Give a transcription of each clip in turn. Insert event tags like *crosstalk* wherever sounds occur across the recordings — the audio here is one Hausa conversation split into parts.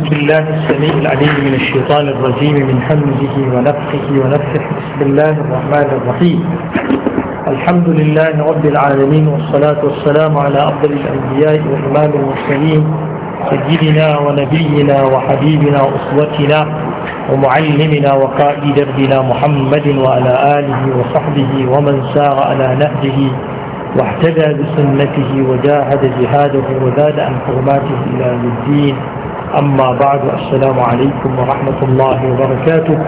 أعوذ بالله السميع العليم من الشيطان الرجيم من حمده ونفخه ونفخه بسم الله الرحمن الرحيم الحمد لله رب العالمين والصلاة والسلام على أفضل الأنبياء وإمام المرسلين سيدنا ونبينا وحبيبنا وأسوتنا ومعلمنا وقائد دربنا محمد وعلى آله وصحبه ومن سار على نهجه واحتدى بسنته وجاهد جهاده وزاد عن حرماته إلى الدين أما بعد السلام عليكم ورحمة الله وبركاته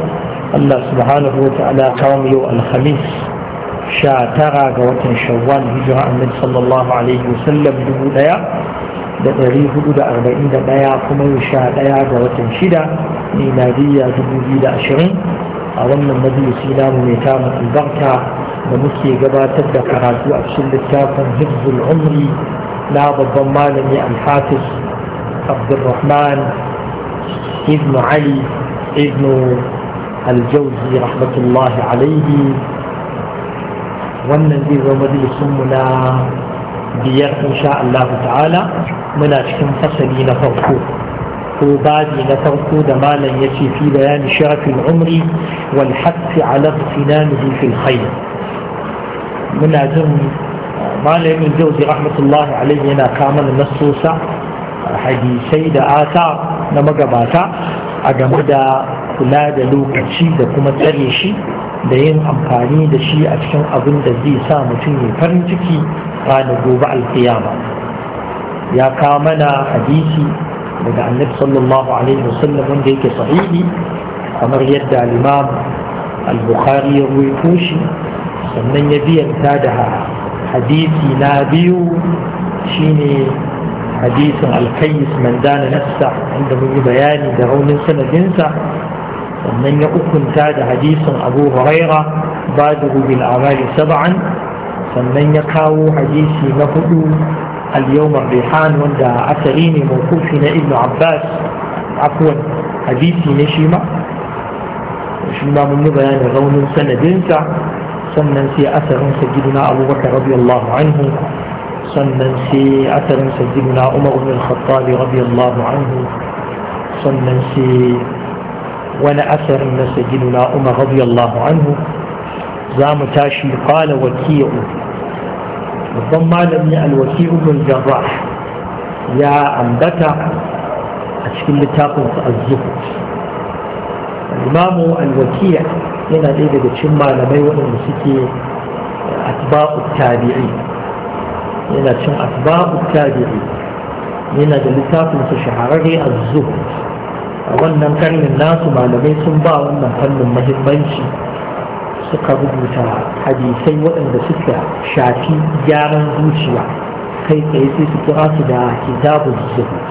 الله سبحانه وتعالى قوم يو الخميس شا ترى قوة شوال هجرة النبي صلى الله عليه وسلم دبو ديا دبري هدود أربعين دا ديا كما يشاء ديا قوة شدا ميلادية دبو دا أشرين أولا النبي سلام ويتام البركة ومكي تبدأ كراتو وأبسل التافن حفظ العمر لا بالضمان الحافظ عبد الرحمن ابن علي ابن الجوزي رحمة الله عليه والنبي ومدل سمنا بيات إن شاء الله تعالى من أشكم فصلي نفرقو وبعد نفرقو دمالا يسي في بيان شرف العمر والحث على اغتنامه في الخير من أجل مالا الجوزي رحمة الله عليه أنا كامل نصوصا hadisai da ata na magabata a game da kula da lokaci da kuma tsare shi da yin amfani da shi a cikin abin da zai sa mutum ya farin ciki ranar gobe alkiyama ya kawo mana hadisi daga annabi sallallahu alaihi wasallam wanda yake sahihi kamar yadda al-imam al-bukhari ya ruwaito shi sannan ya biyanta da hadisi na biyu shine حديث الكيس من دان نفسه عند من بيان درون سنة جنسة ومن يكن تاد حديث أبو هريرة باده بالأعمال سبعا فمن يكاو حديث مفدو اليوم الريحان وندى عسرين موقوفنا ابن عباس عفوا حديث نشيمة نشيمة من بيان درون سنة جنسة سمنا سي أثر سجدنا أبو بكر رضي الله عنه صنن في اثر سيدنا عمر بن الخطاب رضي الله عنه صنن في ولا أثر سيدنا عمر رضي الله عنه زام تاشي قال وكيع ربما لم الوكيع بن الجراح يا أنبتا أشكل لتاقل الزهد الإمام الوكيع هنا ليس لتشمى لما يولد السكي أتباع التابعين yana cin asbabu tabi'i yana da littafin su shahararre a zuhud a wannan karnin nasu malamai sun ba wannan fannin mahimmanci suka rubuta hadisai waɗanda suka shafi gyaran zuciya kai tsaye sai su kira su da kitabun zuhud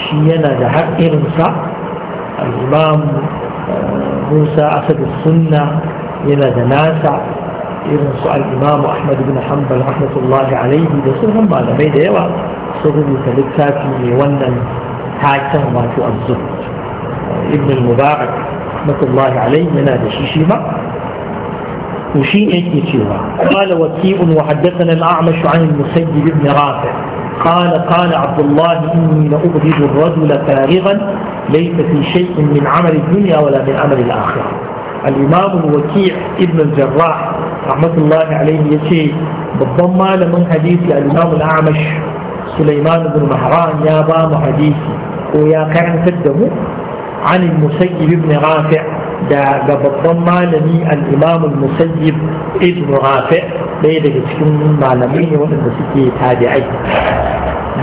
shi yana da har irinsa al-imam eh, musa asadu sunna yana da nasa irin su al'imamu ahmad bin hanbal rahmatullahi alaihi da sauran malamai da yawa sun rubuta littafi ne wannan taken wato azzur ibn mubarak rahmatullahi alaihi yana da shi shi ma to shi yake cewa qala waki'un wa haddathana al-a'mash 'an al-musayyib ibn rafi' قال قال عبد الله إني لأبغض الرجل فارغا ليس في شيء من عمل الدنيا ولا من عمل الآخرة الإمام الوكيع ابن الجراح رحمة الله عليه يشي بالضمة لمن حديث الإمام الأعمش سليمان بن مهران يا بام حديثي ويا كان قدمه عن المسيب ابن رافع دا بالضمة لني الإمام المسيب ابن رافع بيدك تكون معلمين وانا بسكي تابعي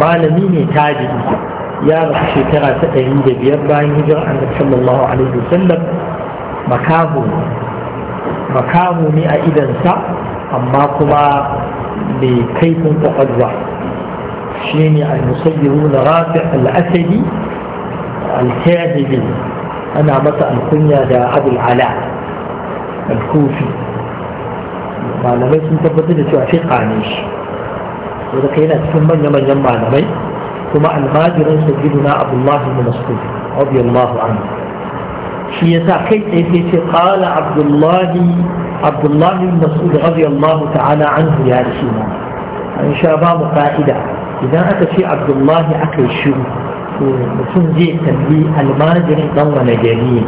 معلمين تابعي يا رحشي ترى تأهيد بيضاين هجرة عن صلى الله عليه وسلم makamu makamu ne a idansa amma kuma mai kaifin kwakwalwa shi ne a musayyiru na rafi al-asadi al-kahili ana masa alkunya da abul ala al-kufi malamai sun tabbatar da cewa fiqa ne shi wanda kai yana cikin manya-manyan malamai kuma almajirin sayyiduna abdullahi bin mas'ud radiyallahu anhu shi ya sa kai tsaye sai ce ƙala abdullahi abdullahi mas'ud radiyallahu ta'ala anhu ya da shi an sha ba mu fa'ida idan aka ce abdullahi aka yi shiru to mutum zai kalli almajirin dan wani gari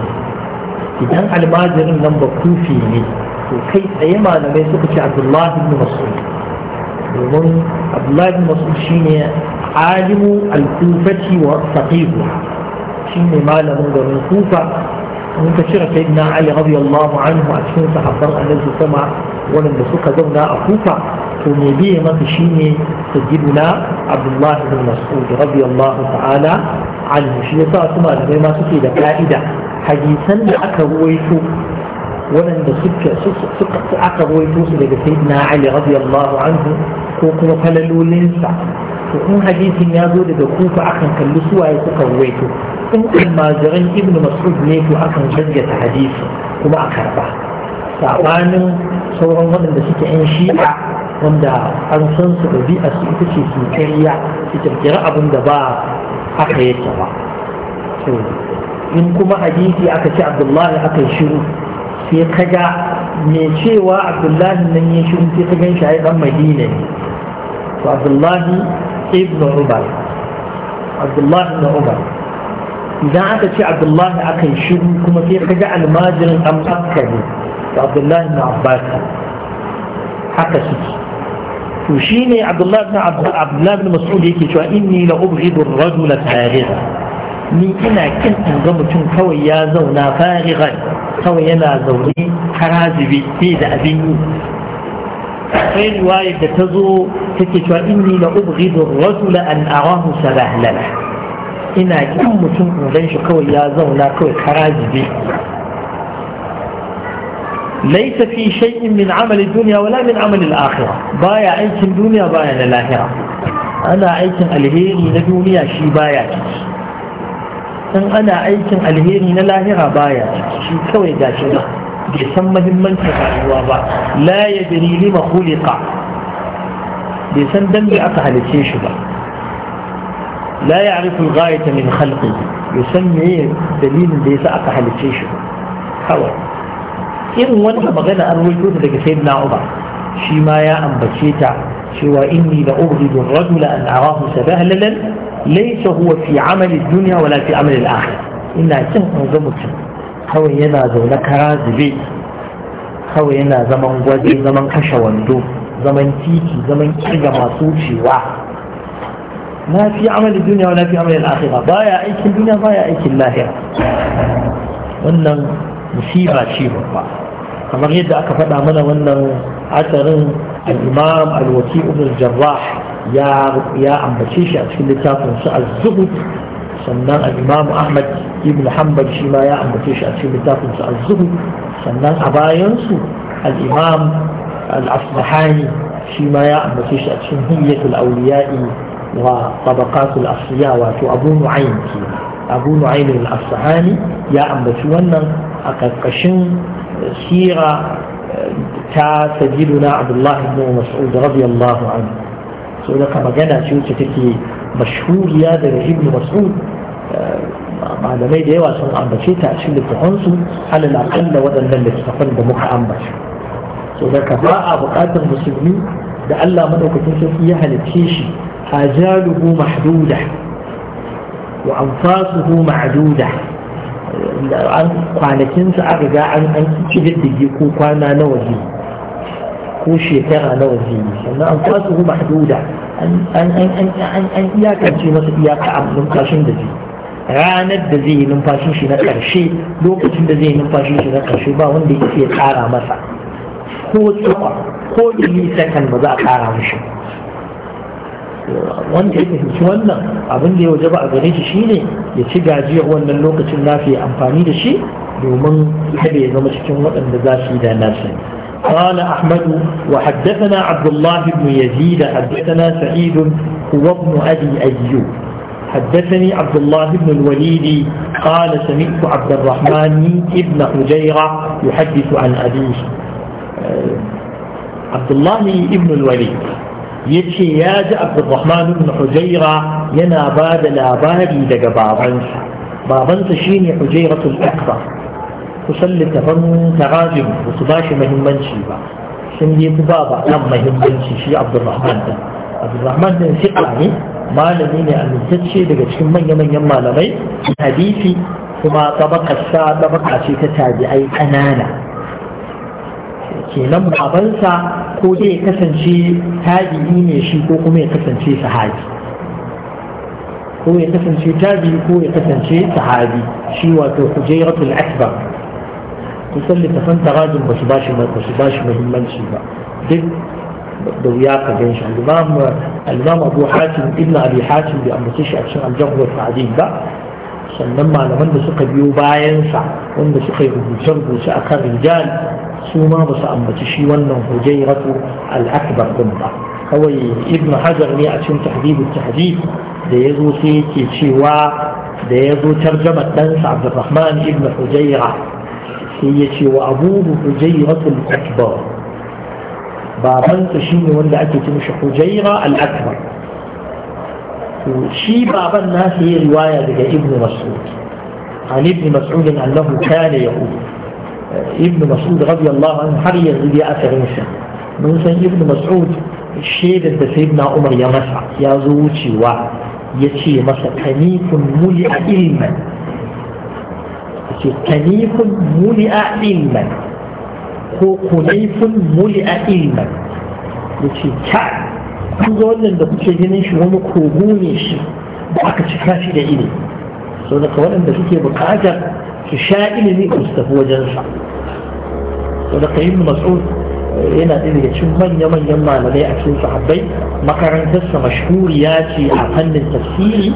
idan almajirin nan ba kufi ne to kai tsaye malamai suka ce abdullahi ibn domin abdullahi ibn shine alimu al-kufati wa shine malamin garin kufa mun ka cire sai na ali radiyallahu anhu a cikin sahabban annabi sama wanda suka zauna a kufa to me biye masa shine sayyiduna abdullah ibn mas'ud radiyallahu ta'ala anhu shi yasa su malamai ma suke da ka'ida hadisan da aka ruwaito waɗanda suka aka ruwaito su daga sayyidina ali radiyallahu anhu ko kuma falalolinsa to in hadisin ya zo daga kufa akan kalli suwaye suka ruwaito in almajiran ibnu mas'ud ne to akan gaggata hadisi kuma a karba sabanin sauran waɗanda suke yan shi'a wanda an san su ɗabi'a su ita ce su kariya su abin da ba aka yadda ba in kuma hadisi aka ce abdullahi aka yi shiru sai ga mai cewa abdullahi nan ya shiru sai ka gan shi a yi ɗan madina ne to abdullahi ibn Umar Abdullahi ibn Umar idan aka ce Abdullah akan shiru kuma sai ga almajirin an fakka ne to Abdullah ibn Abbas haka suke to shine Abdullah ibn Abdullah ibn Mas'ud yake cewa inni la ubghidu ar-rajul fariga ni ina kin ga mutum kawai ya zauna farigan kawai yana zaune harazibi bai da abin yi akwai ruwaye da ta zo ta ke cewa inni na ubugi da wasu la'an'arahu sarahilala ina kin mutum ɗan shi kawai ya zauna kawai kara zube laisa fi shay'in min amalin duniya wala min amalin akhira baya aikin duniya baya na lahira ana aikin alheri na duniya shi baya ciki in ana aikin alheri na lahira baya ciki shi kawai gashi بسم مهمن تفعلوا با لا يدري لما خلق بسم دم بأفعل تيشبا لا يعرف الغاية من خلقه يسمي إيه؟ دليل ليس أفعل تيشبا هو إن وانا بغينا أروي كوتا لك سيدنا عمر شما يا أنبشيتا سوى إني لأغرد الرجل أن أراه سباه ليس هو في عمل الدنيا ولا في عمل الآخر إنها تنقى وزمتها kawai yana zaune kara zube kawai yana zaman gwaje zaman kashe wando zaman titi zaman kirga masu wucewa na fi amalin duniya na fi amalin akhira baya aikin duniya ya aikin lahira wannan musiba ce babba kamar yadda aka faɗa mana wannan asarin al-imam al-waki ibn jarrah ya ya ambace shi a cikin littafin su az-zuhd sannan al-imam ahmad ibn hanbal shi ma ya ambace shi a cikin littafin sa az-zuhd sannan a bayan su al-imam al-asbahani shi ma ya ambace shi a cikin hiyyatul awliya'i wa tabaqatul asfiya wato abu nu'aym abu nu'aym al-asbahani ya ambaci wannan a karkashin sira eh, ta sajiduna abdullahi ibn mas'ud radiyallahu anhu so da magana ce wacce take mashhuriya daga ibn mas'ud malamai da yawa sun ambace ta a cikin littafansu alal aqalla waɗannan littafan da muka ambace so da ka ba a buƙatar musulmi da Allah madaukakin sarki ya halicce shi hajaluhu mahduda wa anfasuhu ma'duda an sa a riga an an kididdige ko kwana nawa zai ko shekara nawa zai sannan anfasuhu mahduda an an an an iyakance masa iyaka a numfashin da zai ranar da zai yi numfashin shi na ƙarshe lokacin da zai yi numfashin shi na ƙarshe ba wanda ya ya ƙara masa ko tsawa ko ba za a ƙara mishi wanda ya fahimci wannan abin da ya waje ba a gare shi shine ya ci gajiyar wannan lokacin na fi amfani da shi domin kada ya zama cikin waɗanda za su yi da nasu قال أحمد وحدثنا عبد الله بن يزيد حدثنا سعيد هو ابن أبي أيوب حدثني عبد الله بن الوليد قال سمعت عبد الرحمن بن حجيرة يحدث عن أبيه آه، عبد الله بن الوليد يتشي يا نعم عبد الرحمن بن حجيرة ينا باد لا باري دق بابنس بابنس شيني حجيرة الأكبر تسلت فن tarajim وتباشي su ba shi بابا ba sun yi ku ba عبد الرحمن mahimmanci shi abdulrahman din malami ne amintacce daga cikin manya-manyan malamai hadisi kuma tabakarsa tabaka ce ta tabi'ai kanana kenan babansa ko dai ya kasance tabi'i ne shi ko kuma ya kasance sahabi ko ya kasance tabi'i ko ya kasance sahabi shi wato kujairatul akbar kusan littafan tarajin ba su ba shi muhimmanci ba duk ضياقة جنش الإمام الإمام أبو حاتم ابن أبي حاتم بأمر سيش أكشن الجهر التعديل با سنما لمن بسق بيوبا ينسع ومن بسق بيوبا ينسع أكار رجال سوما بس أمر سيشي ونن هجيرة الأكبر قمبا هو ابن حجر لي أكشن تحديد التحديد ديزو سيتي شوا ديزو ترجمة تنسع عبد الرحمن ابن حجيرة هي شوا أبوه حجيرة الأكبر بابنك تشيني ولا عدت مش حجيرة الأكبر وشي بعض الناس هي رواية ابن مسعود عن ابن مسعود أنه كان يقول ابن مسعود رضي الله عنه حري الذي أثر نساء من سن ابن مسعود الشيد انت سيدنا عمر يا مسع يا زوجي و يتي مسع كنيف ملئ علما كنيف ملئ علما ko kunaifun muli a ilimin ya ce ta ga wannan da kuke ganin shi wani kogo ne shi da aka cika shi da ilimi sau daga waɗanda suke buƙatar su sha ilimi ko su tafi wajensa sau daga yin mas'ud eh, yana ɗaya daga cikin manya-manyan malamai a cikin sahabbai makarantarsa mashuriya ce a fannin tafsiri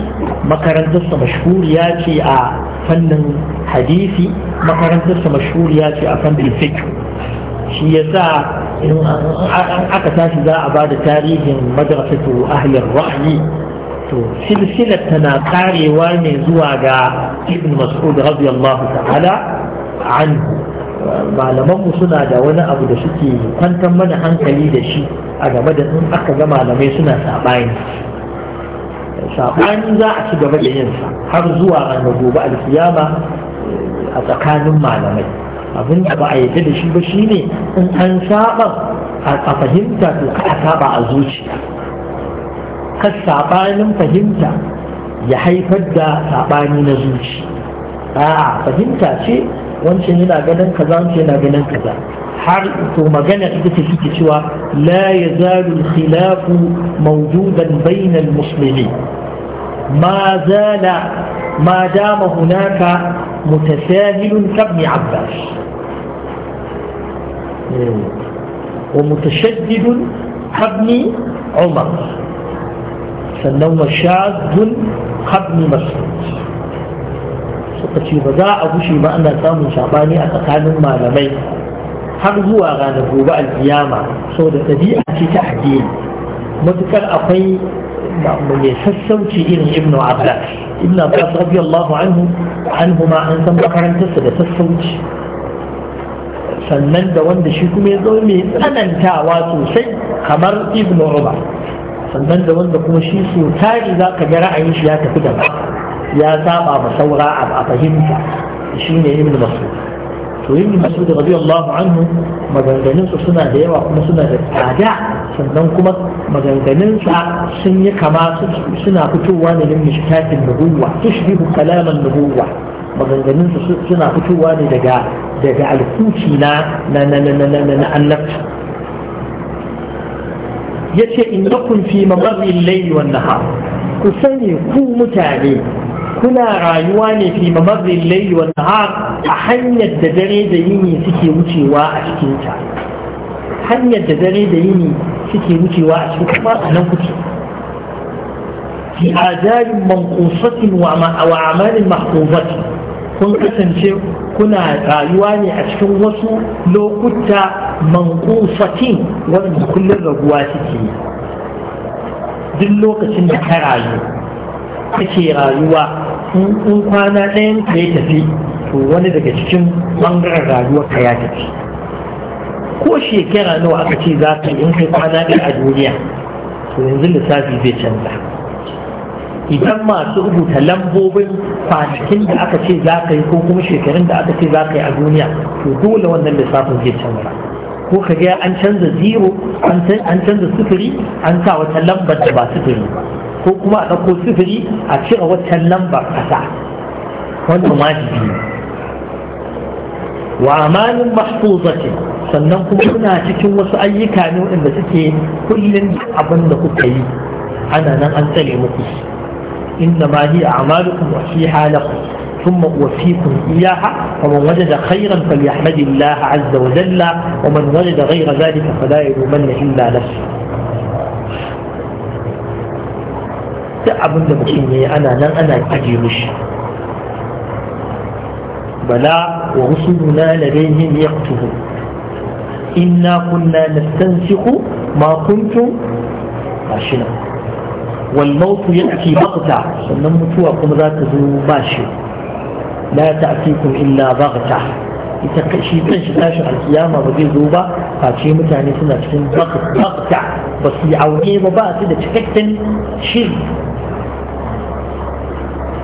makarantarsa mashuriya ce a fannin hadisi makarantarsa mashuriya ce a fannin fiqh shi yasa in aka tashi za a ba da tarihin madrasatu ahlin ra'ayi to silsilar tana karewa ne zuwa ga ibn mas'ud radiyallahu ta'ala an malamanmu suna da wani abu da suke kwantar mana hankali da shi a game da in aka ga malamai suna saɓani saɓani za a ci gaba da sa har zuwa ranar gobe alkiyama a tsakanin malamai abin da ba a yadda da shi ba shine in an saba a fahimta to ka a saba a zuciya ka saɓanin fahimta ya haifar da saɓani na zuci a'a fahimta ce wancan yana ganin kaza wancan yana ganin kaza har to magana ita take kike cewa la yazalu khilafu mawjudan bainal muslimin ma zala متساهل كابن عباس ومتشدد كابن عمر فانه شاذ كابن مسعود فقط يبدا ابو شيبه ان سامو شعباني اتقان المعلمين har zuwa ranar gobe alkiyama so da ɗabi'a ce ta addini matukar akwai mai sassauci irin ibnu abbas ibnu abbas radiyallahu anhu anhu ma an san makarantarsa da sassauci sannan da wanda shi kuma ya zo mai tsanantawa sosai kamar ibnu umar sannan da wanda kuma shi so tari za ka ga ra'ayin shi ya tafi da ya saba ma saura a fahimta shi ne ibnu mas'ud to yin masudi radiyallahu anhu maganganun su suna da yawa kuma suna da tsada sannan kuma maganganun sa sun yi kama suna fitowa ne min mishkatin nubuwa tushbihu kalaman nubuwa maganganun su suna fitowa ne daga daga alkuci na na na na na na na annabci yace in lakum fi mamarri al-layli wan nahar ku sani ku mutane kuna rayuwa ne fi mamazin laili wa nahar a hanyar da dare da yini suke wucewa a cikin ta hanyar da dare da yini suke wucewa a cikin kuma a nan kuke fi ajalin manqusatin wa a'malin mahfuzatin kun kasance kuna rayuwa ne a cikin wasu lokuta manqusatin wanda kullun raguwa suke duk lokacin da ka rayu kake rayuwa in kwana ɗayan ka ya tafi to wani daga cikin ɓangaren rayuwar ka ya tafi ko shekara nawa aka ce za ka in kai kwana ɗaya a duniya to yanzu lissafi zai canza idan masu rubuta lambobin kwanakin da aka ce za ka yi ko kuma shekarun da aka ce za ka yi a duniya to dole wannan lissafin zai canza ko ka ga an canza zero an canza sufuri an sa wata lambar da ba sufuri ba ko kuma a ɗauko sifiri a cire waccan lambar ƙasa wannan wajibi ne wa amanin mahfuzatin sannan kuma kuna cikin wasu ayyuka ne waɗanda suke kullum abin da kuka yi ana nan an tsare muku inna ma hi a'malukum wa fi halakum ثم أوفيكم إياها ومن وجد خيرا فليحمد الله عز وجل ومن وجد غير ذلك فلا يلومن إلا نفسه duk abin da mutum ya yi ana nan ana aje mishi bala wa rusuluna ladayhim yaqtubu inna kunna nastansikhu ma kuntum mashina wal maut ya'ti baqta sannan mutuwa kuma za ta zo ba shi la ta'tikum illa baghta ita kashi kan shi tashi alkiyama ba zai zo ba face mutane suna cikin baqta ba su yi aure ba ba su da cikakken shiri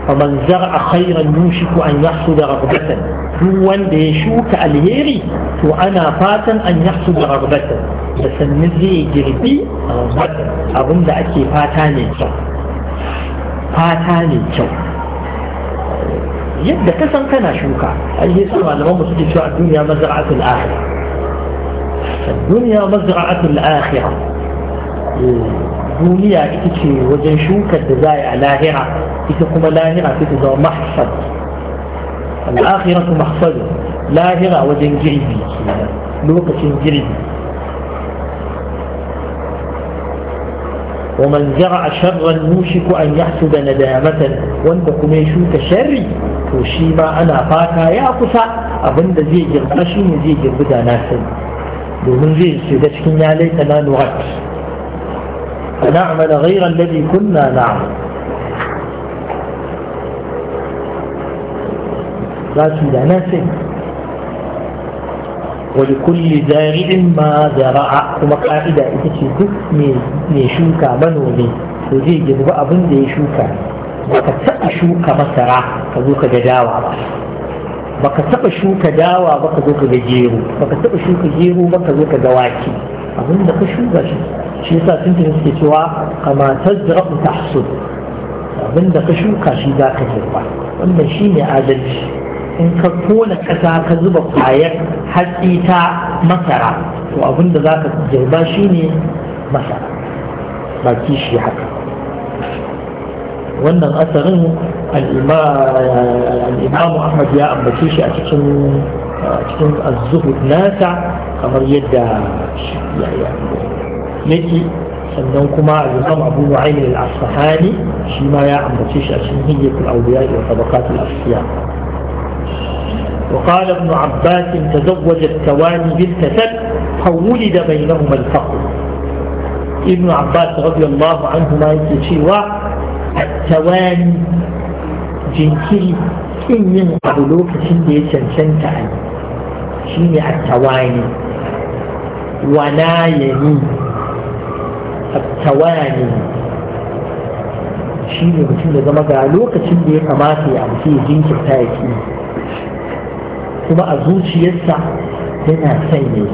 فمن زرع خيرا يوشك أن يحصد رغبة هو ديشوك الهيري وأنا فاتا أن يحصد رغبة بس النزي جربي رغبة أظن ذاكي فاتاني جو فاتاني جو يبدأ كسن كنا شوكا أي يسوى لما الدنيا مزرعة الآخرة الدنيا مزرعة الآخرة الدنيا إتكي وجن شوكا دزاي على هرة ita لاهرة lahira sai ta zama mahsad al'akhiratu mahsad lahira wajen ومن زرع شرا يوشك أن يحسب ندامة وانت كما يشوك شري وشيما أنا فاكا يا قصا أبن زي جرب من زي جرب ناسا ومن زي سيدتك يا ليتنا نغت فنعمل غير الذي كنا نعمل za su da na sai wani kulli zaridin ma zara'a kuma ka'ida ita ce duk mai shuka manomi to zai girbi abin da ya shuka ba ka taɓa shuka masara ka zo ka ga dawa ba ba ka taɓa shuka dawa ba ka zo ka ga gero ba ka taɓa shuka gero ba ka zo ka ga abin da ka shuka shi shi abin da ka shuka shi za ka girba wannan shine adalci in ka kona ƙasa ka zuba kwayar hatsi ta masara to abin da za ka jirba shi ne masara ba kishi haka wannan asarin al'imamu ahmad ya ambace shi a cikin cikin nasa kamar yadda yake sannan kuma al'imam abu nu'ayn al shi ma ya ambace shi a cikin hijjatul awliya wa tabaqatul asfiya وقال ابن عباس تزوج التواني بالكسل فولد بينهما الفقر ابن عباس رضي الله عنهما يتشيوا التواني jinkiri kin yin abu lokacin da ya cancanta a shi ne a tawani wana ya yi a tawani shi mutum da zama ga lokacin da ya kamata ya amfi jinkirta ki kuma a zuciyarsa yana sanya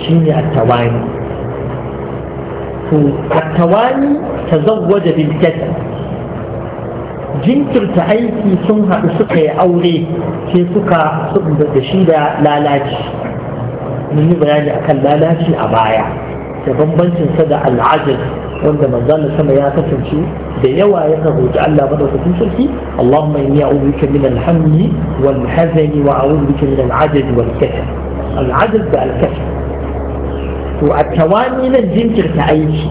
shi ne a tawani to a tawani ta zawwaja bilkata jinkirta aiki sun haɗu suka yi aure ke suka da shi da lalaci mun yi bayani akan lalaci a baya da bambancinsa da al'ajir wanda manzon sama ya kasance da yawa ya rubuta Allah madaukakin sarki Allahumma inni a'udhu bika min al-hammi wal hazani wa a'udhu bika min al-'ajz wal kasal al-'ajz da al-kasal to a tawani nan jinkirta aiki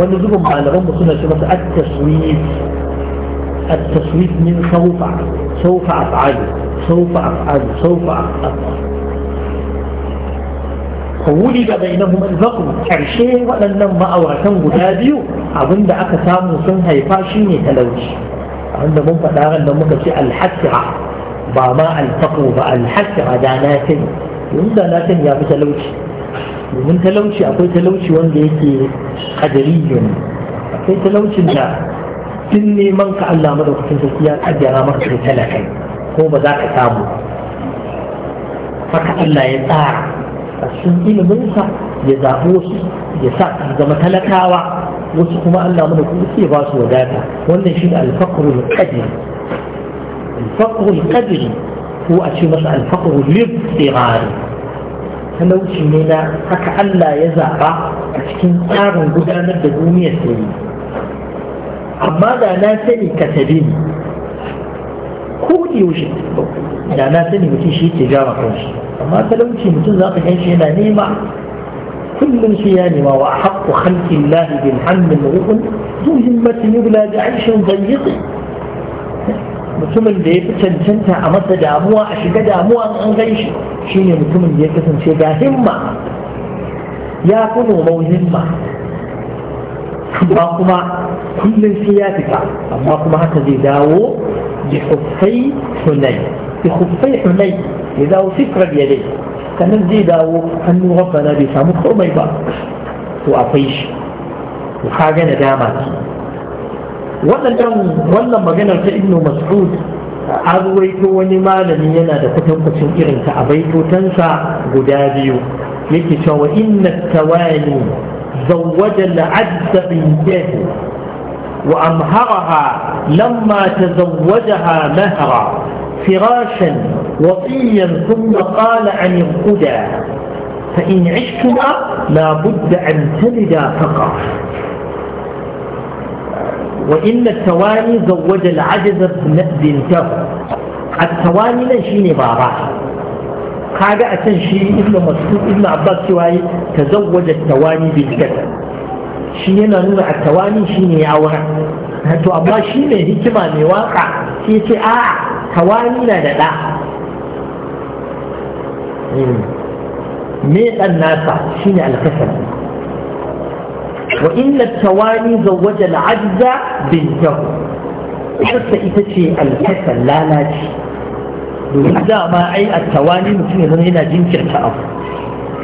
wani zubin malaman mu suna ce masa at-taswif at-taswif min sawfa sawfa af'al sawfa af'al sawfa af'al فولد بينهما البقر كرشي waɗannan ma'auratan guda biyu abinda aka samu sun haifa shine talauci abinda mun faɗa ran da muka ci alhasira ba ma alfaqu ba alhasira da sani domin da sani ya fi talauci domin talauci akwai talauci wanda yake kadariyun akwai talaucin da tun neman ka Allah madaukakin ya maka kai talakai ko ba za ka samu haka Allah ya tsara a cikin iliminsa ya zaɓi wasu ya sa zama talakawa wasu kuma Allah mana kuma ke ba su wadata wannan shi alfakrul qadri alfakrul qadri ko a ce masa alfakrul libtirari talauci ne na haka Allah ya zaɓa a cikin tsarin gudanar da duniyar sai amma da na sani ka tabi ko da yaushe da na sani mutum shi ke gyara kanshi amma talauci mutum za ka gan shi yana nema kullum shi ya nema wa haqqu khalqi Allah bil hamd mu'un zu himmatin yubla bi 'aishin dayyiq mutumin da ya fi cancanta a masa damuwa a shiga damuwa an gan shi mutumin da ya kasance ga himma ya fi nomau himma amma kuma kullum sai ya fita amma kuma haka zai dawo bi huffai hunay bi huffai hunay ya dawo sifra da yadai sannan zai dawo hannu rabbana bai samu komai ba to akwai shi to kaga na dama wannan wannan maganar ta ibnu mas'ud an waito wani malami yana da kwatankwacin irin ta a baitotansa guda biyu yake cewa inna tawani زوج العبد بنته وأمهرها لما تزوجها مهرا فراشا وطيا ثم قال عن الهدى فإن عشتما لابد أن تلدا فقط وإن التواني زوج العجز بنته التواني لا شيء بابا kaga a can shi ibnu mas'ud ibnu abbas cewa yi tazawwaja tawani bil kasal shi yana nuna a tawani shine ya aura to amma shi ne hikima mai waka sai ce a tawani na da da me dan nasa shine alkasal wa inna tawani zawwaja al-ajza bintahu ita ce alkasal lalaci domin dama ai a tawani mutum ya zama yana jinkirta abu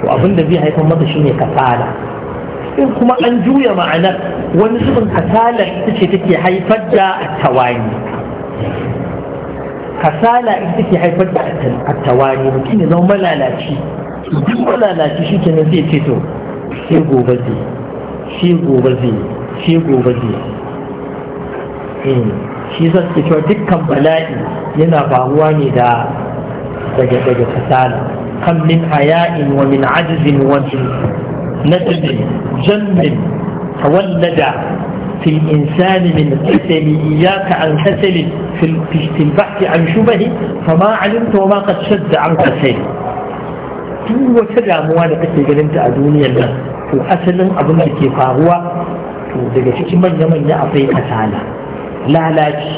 to abin da zai haifar masa shine kasala in kuma an juya ma'anar wani zubin kasala ita ce take haifar da tawani kasala ita take haifar da tawani mutum ya zama malalaci duk malalaci shi kenan zai ce to sai gobe zai sai gobe zai sai gobe zai shi sa suke cewa dukkan bala'i yana faruwa ne da daga daga fasala kan min haya'in wa min ajzin wa min nasbin jammin tawallada في الإنسان من kasali, إياك عن كسل في البحث عن شبه فما علمت وما قد شد an كسل duk wata damuwa da kake ganin ta a duniyar nan to asalin abin da ke faruwa to daga cikin manya-manya akwai kasala lalaci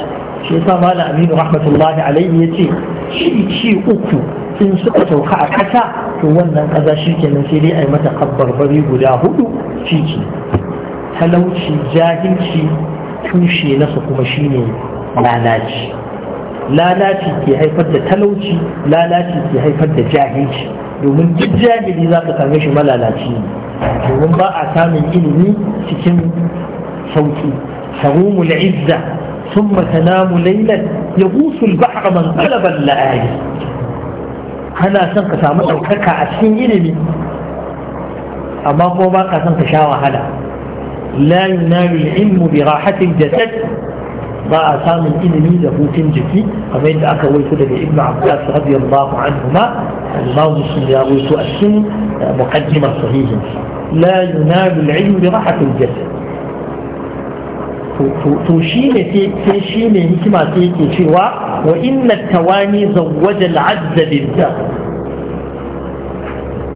shi yasa malam aminu rahmatullahi alaihi ya ce shi ci uku in suka sauka a ƙasa to wannan ƙasa shi kenan sai dai a yi mata bari guda hudu shi ke talauci jahilci tushe nasa kuma shine lalaci lalaci ke haifar da talauci lalaci ke haifar da jahilci domin duk jahili za ka same shi malalaci ne domin ba a samun ilimi cikin sauki حروم العزة ثم تنام ليلا يغوص البحر من قلبا لآية أنا سنك سامت أو كاكا أسين إلمي أما هو باقى سنك شاوى هلا لا ينام العلم براحة الجسد ضاء سام الإلمي لغوص جكي أمين أكا ويفد لإبن عباس رضي الله عنهما الله يسمى يغوص أسين مقدمة صحيح لا ينام العلم براحة الجسد to shi ne sai shi hikima sai yake cewa wa inna tawani zawwaja al'azza bidda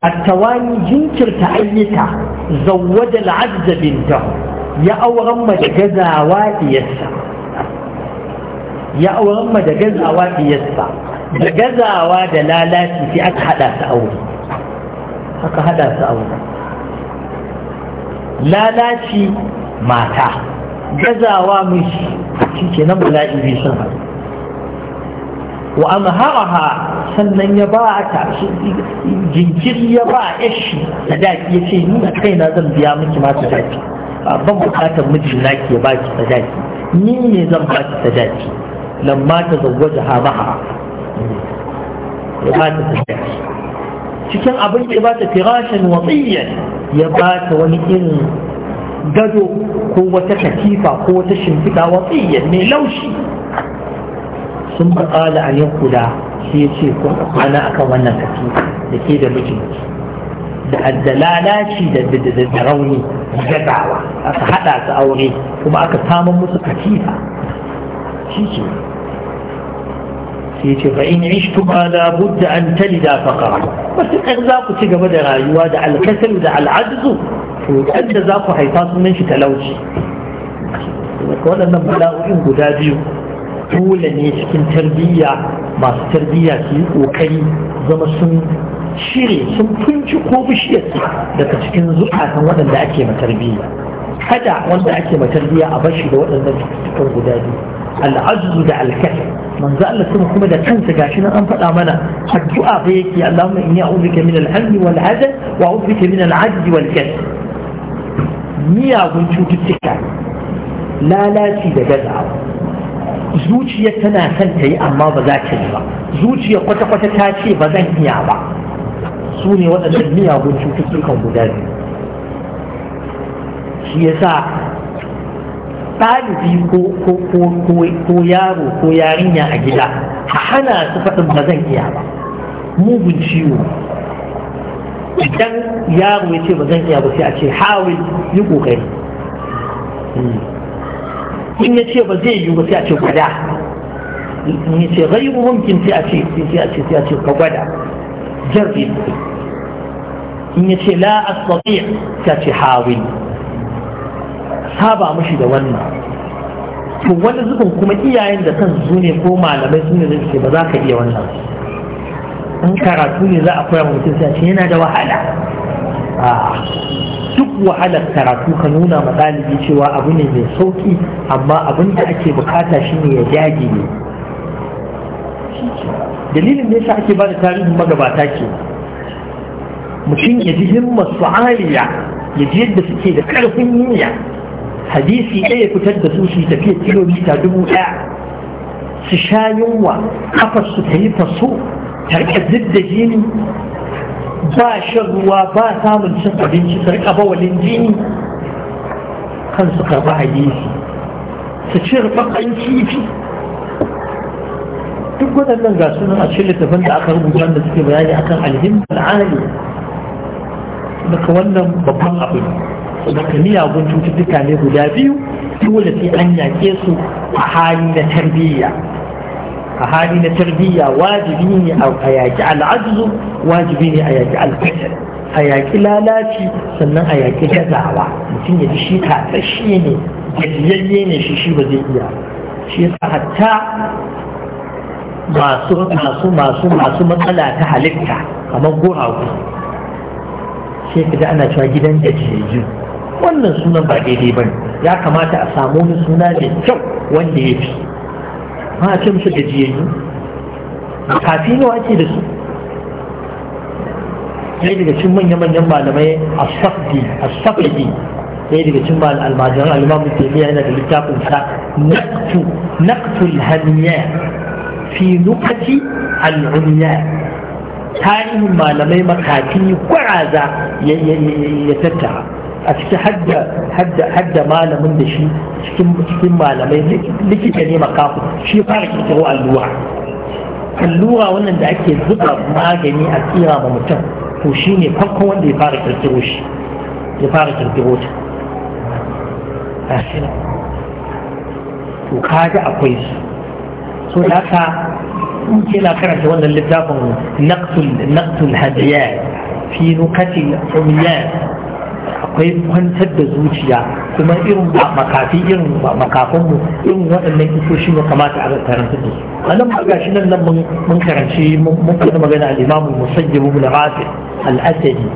at-tawani jinkirta ayyuka zawwaja al'azza bidda ya auran ma da gazawa iyassa ya auran ma da gazawa iyassa da gazawa da lalaci sai aka hada su aure aka hada su aure lalaci mata gazawa mai shi ke nan bala'i mai san haka wa amharaha sannan ya ba a tashi jinkiri ya ba a yashi sadaki ya ce nuna a kaina zan biya miki ma ta sadaki ban bukatar mijina ke ba ki ta sadaki ni ne zan ba ki ta sadaki ma ta zawwaja ha maha ya ba ta sadaki cikin abin da ya ba ta firashin wasiyyan ya ba ta wani irin gado ko wata katifa ko wata shimfiɗa watsiyya mai laushi sun maƙala a yin kula sai ya ce kun kwana a wannan katifa da ke da mijinki da addalalaci da rauni gazawa aka haɗa su aure kuma aka samu musu katifa shi ce sai ce fa in ishtuma la budda an talida faqara ba su za ku ci gaba da rayuwa da alkasal da al'ajzu to ɗan da za ku haifa sunan shi talauci waɗannan bala'o'in guda biyu dole ne cikin tarbiyya masu tarbiyya su yi ƙoƙari zama sun shirye sun funci ko bishiyarsu daga cikin zukatan waɗanda ake matarbiyya kada wanda ake matarbiyya a bashi da waɗannan cututtukan guda biyu al'azu da alkasar manzo Allah sun kuma da kansa gashi nan an faɗa mana addu'a fa yake Allahumma inni a'udhu bika min al-hammi wal hazan wa a'udhu bika min al-'ajzi wal kasal miyagun cututtuka lalaci da gazawa Zuciyar tana son ta yi amma ba za ta yi ba zuciya kwata-kwata ta ce ba zan iya ba su ne waɗannan miyagun cututtukan guda biyu shi ya sa ɗalibi ko yaro ko yarinya a gida a hana su faɗin ba zan iya ba mugun ciwo idan yaro ya ce ba zan iya ba sai a ce hawil yi kokari in ya ce ba zai yi ba sai a ce gwada in ya ce rai ghairu mumkin sai a ce sai a ce sai a ce ka gwada jarri in ya ce la astati sai a ce hawil saba mushi da wannan to wani zubin kuma iyayen da kan su ne ko malamai su ne zai ce ba za ka iya wannan in karatu ne za a koya mutum sai yana da wahala duk wahalar karatu ka nuna ma cewa abu ne mai sauƙi amma abin da ake bukata shine ya dage ne dalilin da yasa ake ba da tarihin magabata ke mutum ya ji himmar su'aliya ya ji yadda suke da ƙarfin niyya hadisi ɗaya fitar da su su tafiya kilomita dubu ɗaya su sha yunwa kafar su ta yi faso tarƙa duk da jini ba shan ruwa ba samun cin abinci tarƙa bawalin jini kan su karɓi hadisi su ci rufaƙan kifi duk waɗannan ga sunan a cikin littafin da aka rubuta da suke bayani akan alhimma al'ali daga wannan babban abu daga miyagun cututtuka ne guda biyu dole sai an yaƙe su a hali na tarbiyya a hali na tarbiyya wajibi ne a yaƙi al'azu wajibi ne a yaƙi alkasar a yaƙi lalaci sannan a yaƙi gazawa mutum ya ji shi tatsashe ne gajiyayye ne shi shi ba zai iya shi yasa hatta masu masu masu masu matsala ta halitta kamar guragu sai ka ji ana cewa gidan gajiyayyu wannan sunan ba daidai ba ya kamata a samu wani suna mai kyau wanda ya fi ba a ce musu gajiyayyu kafi nawa ake da su ɗaya daga cikin manya-manyan malamai a safdi a safdi ɗaya daga cikin almajiran alimamu tafiya yana da littafin sa naktu naktul hamiya fi nukati al'umiya tarihin malamai makafi kwaraza ya tattara a ciki hadda malamin da shi cikin malamai likita ne makafu shi fara kirkiro allura allura wannan da ake zuba magani a tsira ma mutum to shi ne farkon wanda ya fara kirkiro shi ya fara kirkiro ta to kaga akwai su so da haka in kina karanta wannan littafin naqtul naqtul hadiyat fi nuqatil umiyat akwai kwantar da zuciya kuma irin makafi irin makafinmu irin waɗannan isoshi ya kamata a karanta da su a nan ba gashi nan nan mun karanci mun kada magana al-imamu musayyibu bin rafi al-asadi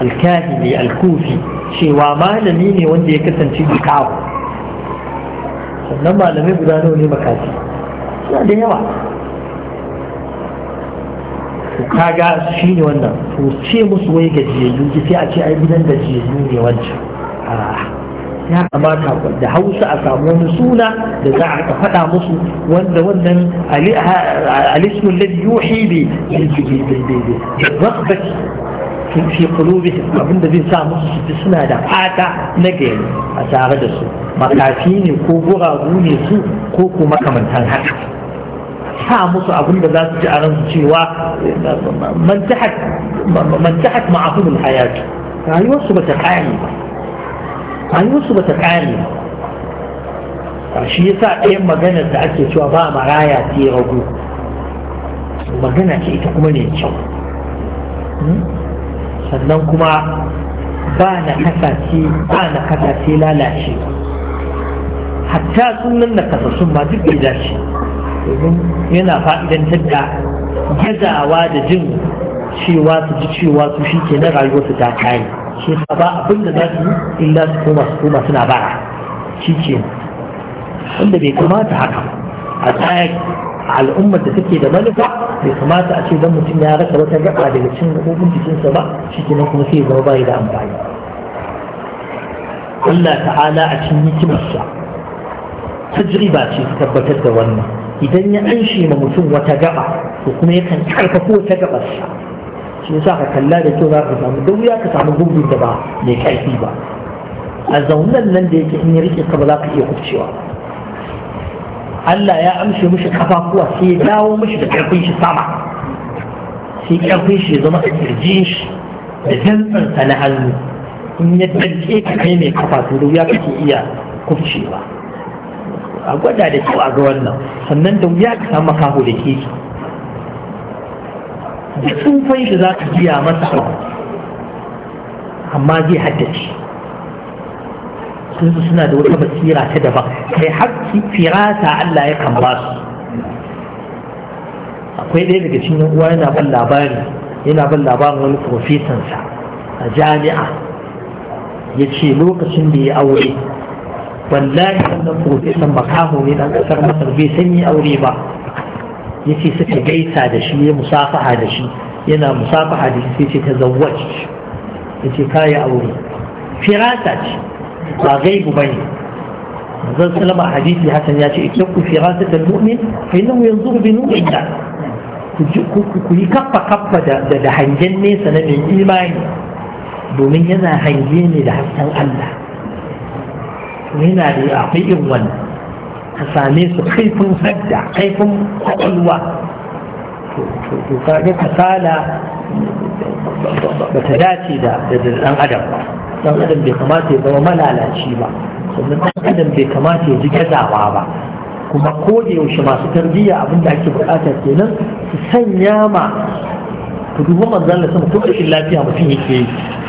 al-kahili al-kufi cewa malami ne wanda ya kasance bikawo sannan malamai guda nawa ne makafi suna da yawa to kaga shi ne wannan to ce musu wai gajiyayyu ji sai a ce ai gidan gajiyayyu ne wancan ya kamata da hausa a samu wani suna da za a ka faɗa musu wanda wannan alismun lalli yuhi bi sun fi kulubi abinda zai sa musu su suna da fata na gari a tare da su makafi ne ko guragu ne su ko kuma kamantan haka sa musu abin da za su ji a ransu cewa man tahat ma'afin hayatu rayuwarsu ba ta kare ba rayuwarsu ba ta kare ba shi yasa ɗayan maganar da ake cewa ba maraya ta yi rago magana ce ita kuma ne kyau hmm? sannan kuma ba na kasa ce ba na kasa ce lalace hatta sunan na kasa sun ma duk bai dace domin yana fa'idantar da gazawa da jin cewa su ji cewa su shi ke na rayuwarsu ta kayi shi ba abin da za su yi illa su koma su koma suna bara shi ke wanda bai kamata haka a tsaya al'ummar da take da manufa bai kamata a ce don mutum ya rasa wata gaba daga cin gabobin jikinsa ba shi ke nan kuma sai ya zama bayi da amfani Allah ta'ala a cikin hikimarsa tajriba ce tabbatar da wannan idan ya anshi ma mutum wata gaba to kuma yakan karfafa wata gabarsa shi yasa ka kalla da kyau za ka samu da wuya ka samu gurbin da ba mai karfi ba a zaunan nan da yake in ya rike ka ba za ka iya kubcewa Allah ya amshe mishi kafafuwa sai ya dawo mishi da karfin shi sama sai karfin shi ya zama a kirjin shi da dantsansa na hannu in ya dantse ka kai mai kafa to da wuya kake iya kubcewa a gwada da kyau a ga wannan sannan da wuya ka samu kaho da keke da tsufai da za ka biya masa amma zai haddace sun suna da wata basira ta daban kai har firata Allah ya kan ba su akwai ɗaya daga cikin uwa yana ban labari yana ban labarin wani profesansa a jami'a ya ce lokacin da ya aure wallahi wannan profesan makaho ne dan kasar masar bai sanyi aure ba ya ce suka gaisa da shi ya musafaha da shi yana musafaha da shi sai ce ta zawwaj ya ce kayi aure firasa ce ba gaibu ba ne zan salama hadisi hasan ya ce ikyaku firasa da mu'min fa innahu yanzuru bi nurin ku yi kaffa kaffa da hangen nesa na mai imani domin yana hange ne da hasken Allah yana da akwai irin wani. ka same su kaifin hadda kaifin kwakwalwa to kaga kasala ba ta dace da dan adam dan adam bai kamata ya zama malalaci ba sannan dan adam bai kamata ya ji gazawa ba kuma ko da yaushe masu tarbiyya abin da ake bukata kenan su sanya ma ku dubi manzon Allah sama ko rashin lafiya mutum yake yi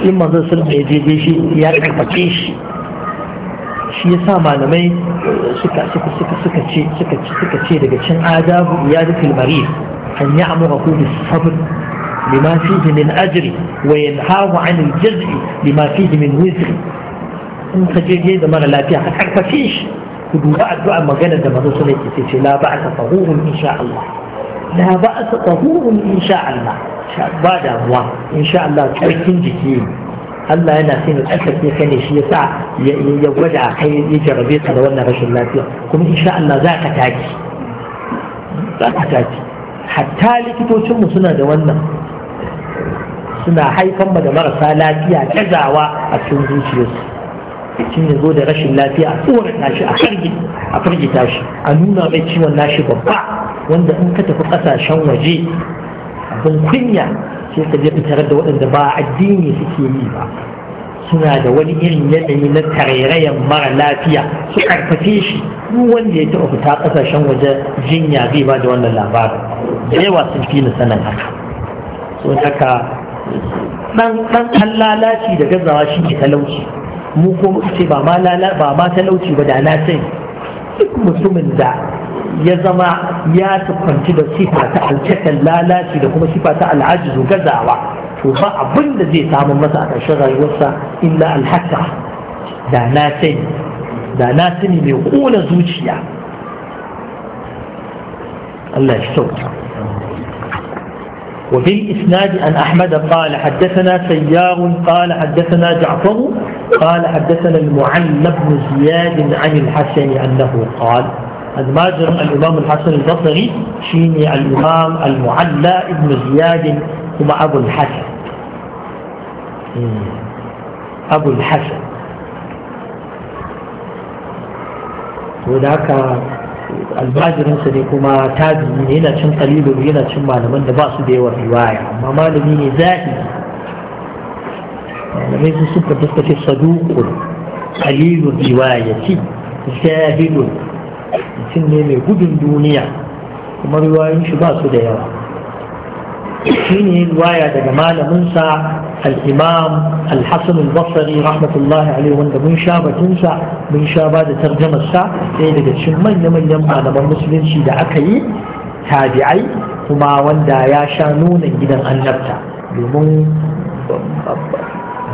in manzon da ya je shi ya karfafe shi shi yasa malamai suka suka suka suka ce suka ce suka ce daga cin adabu ya da filmari an yi ya'muru hu bis sabon lima fihi min ajri wa yanhahu 'anil jaz'i lima fihi min wizri in ka je da mara lafiya ka karfafi shi ku duba addu'a magana da manzo suna ke ce la ba'sa tahurun insha Allah la ba'sa tahurun insha Allah ba damuwa insha Allah cikin jiki ne Allah yana sai ya tsarkake ka ne shi ya sa ya gwada a kai ya jarabe ka da wannan rashin lafiya kuma insha Allah za ka taki za ka taki hatta likitocinmu suna da wannan suna haifan da marasa lafiya gazawa a cikin zuciyarsu mutum ya zo da rashin lafiya a tsorata shi a firgita shi a nuna mai ciwon nashi babba wanda in ka tafi kasashen waje abin kunya sai ka je fitar da waɗanda ba addini suke yi ba suna da wani irin yanayi na tarairayen mara lafiya su karfafe shi duk wanda ya taɓa fita ƙasashen waje jinya zai ba da wannan labarin da yawa sun fi na sanin haka so haka ɗan dan lalaci da gazawa shi ke talauci mu ko muka ce ba ma talauci ba da na duk mutumin da ya zama ya tukanci da sifa ta alkakan lalaci da kuma sifa ta al'ajizu gazawa to ba abin da zai samu masa a ƙarshen rayuwarsa illa alhaka da na sani da na sani mai ƙona zuciya الله يستوت وفي الإسناد أن أحمد قال حدثنا سيار قال حدثنا جعفر قال حدثنا المعلى بن زياد عن الحسن أنه قال الماجر الإمام الحسن البصري شيني الإمام المعلى ابن زياد هم أبو الحسن أبو الحسن وذاك المعجر سنكما تاج من هنا شن قليل من هنا شن معنى من دباس دي والرواية ما مال من ذاتي لما يسوك بسكة صدوق قليل الرواية زاهد mutum ne mai gudun duniya kuma ruwayin shi ba su da yawa shi ne ruwaya daga malaminsa al-imam al-hassan al-basri rahmatullahi alaihi wanda mun sha batunsa mun sha ba da tarjamarsa ɗaya daga cikin manya-manyan malaman musulunci da aka yi tabi'ai kuma wanda ya sha nunan gidan annabta domin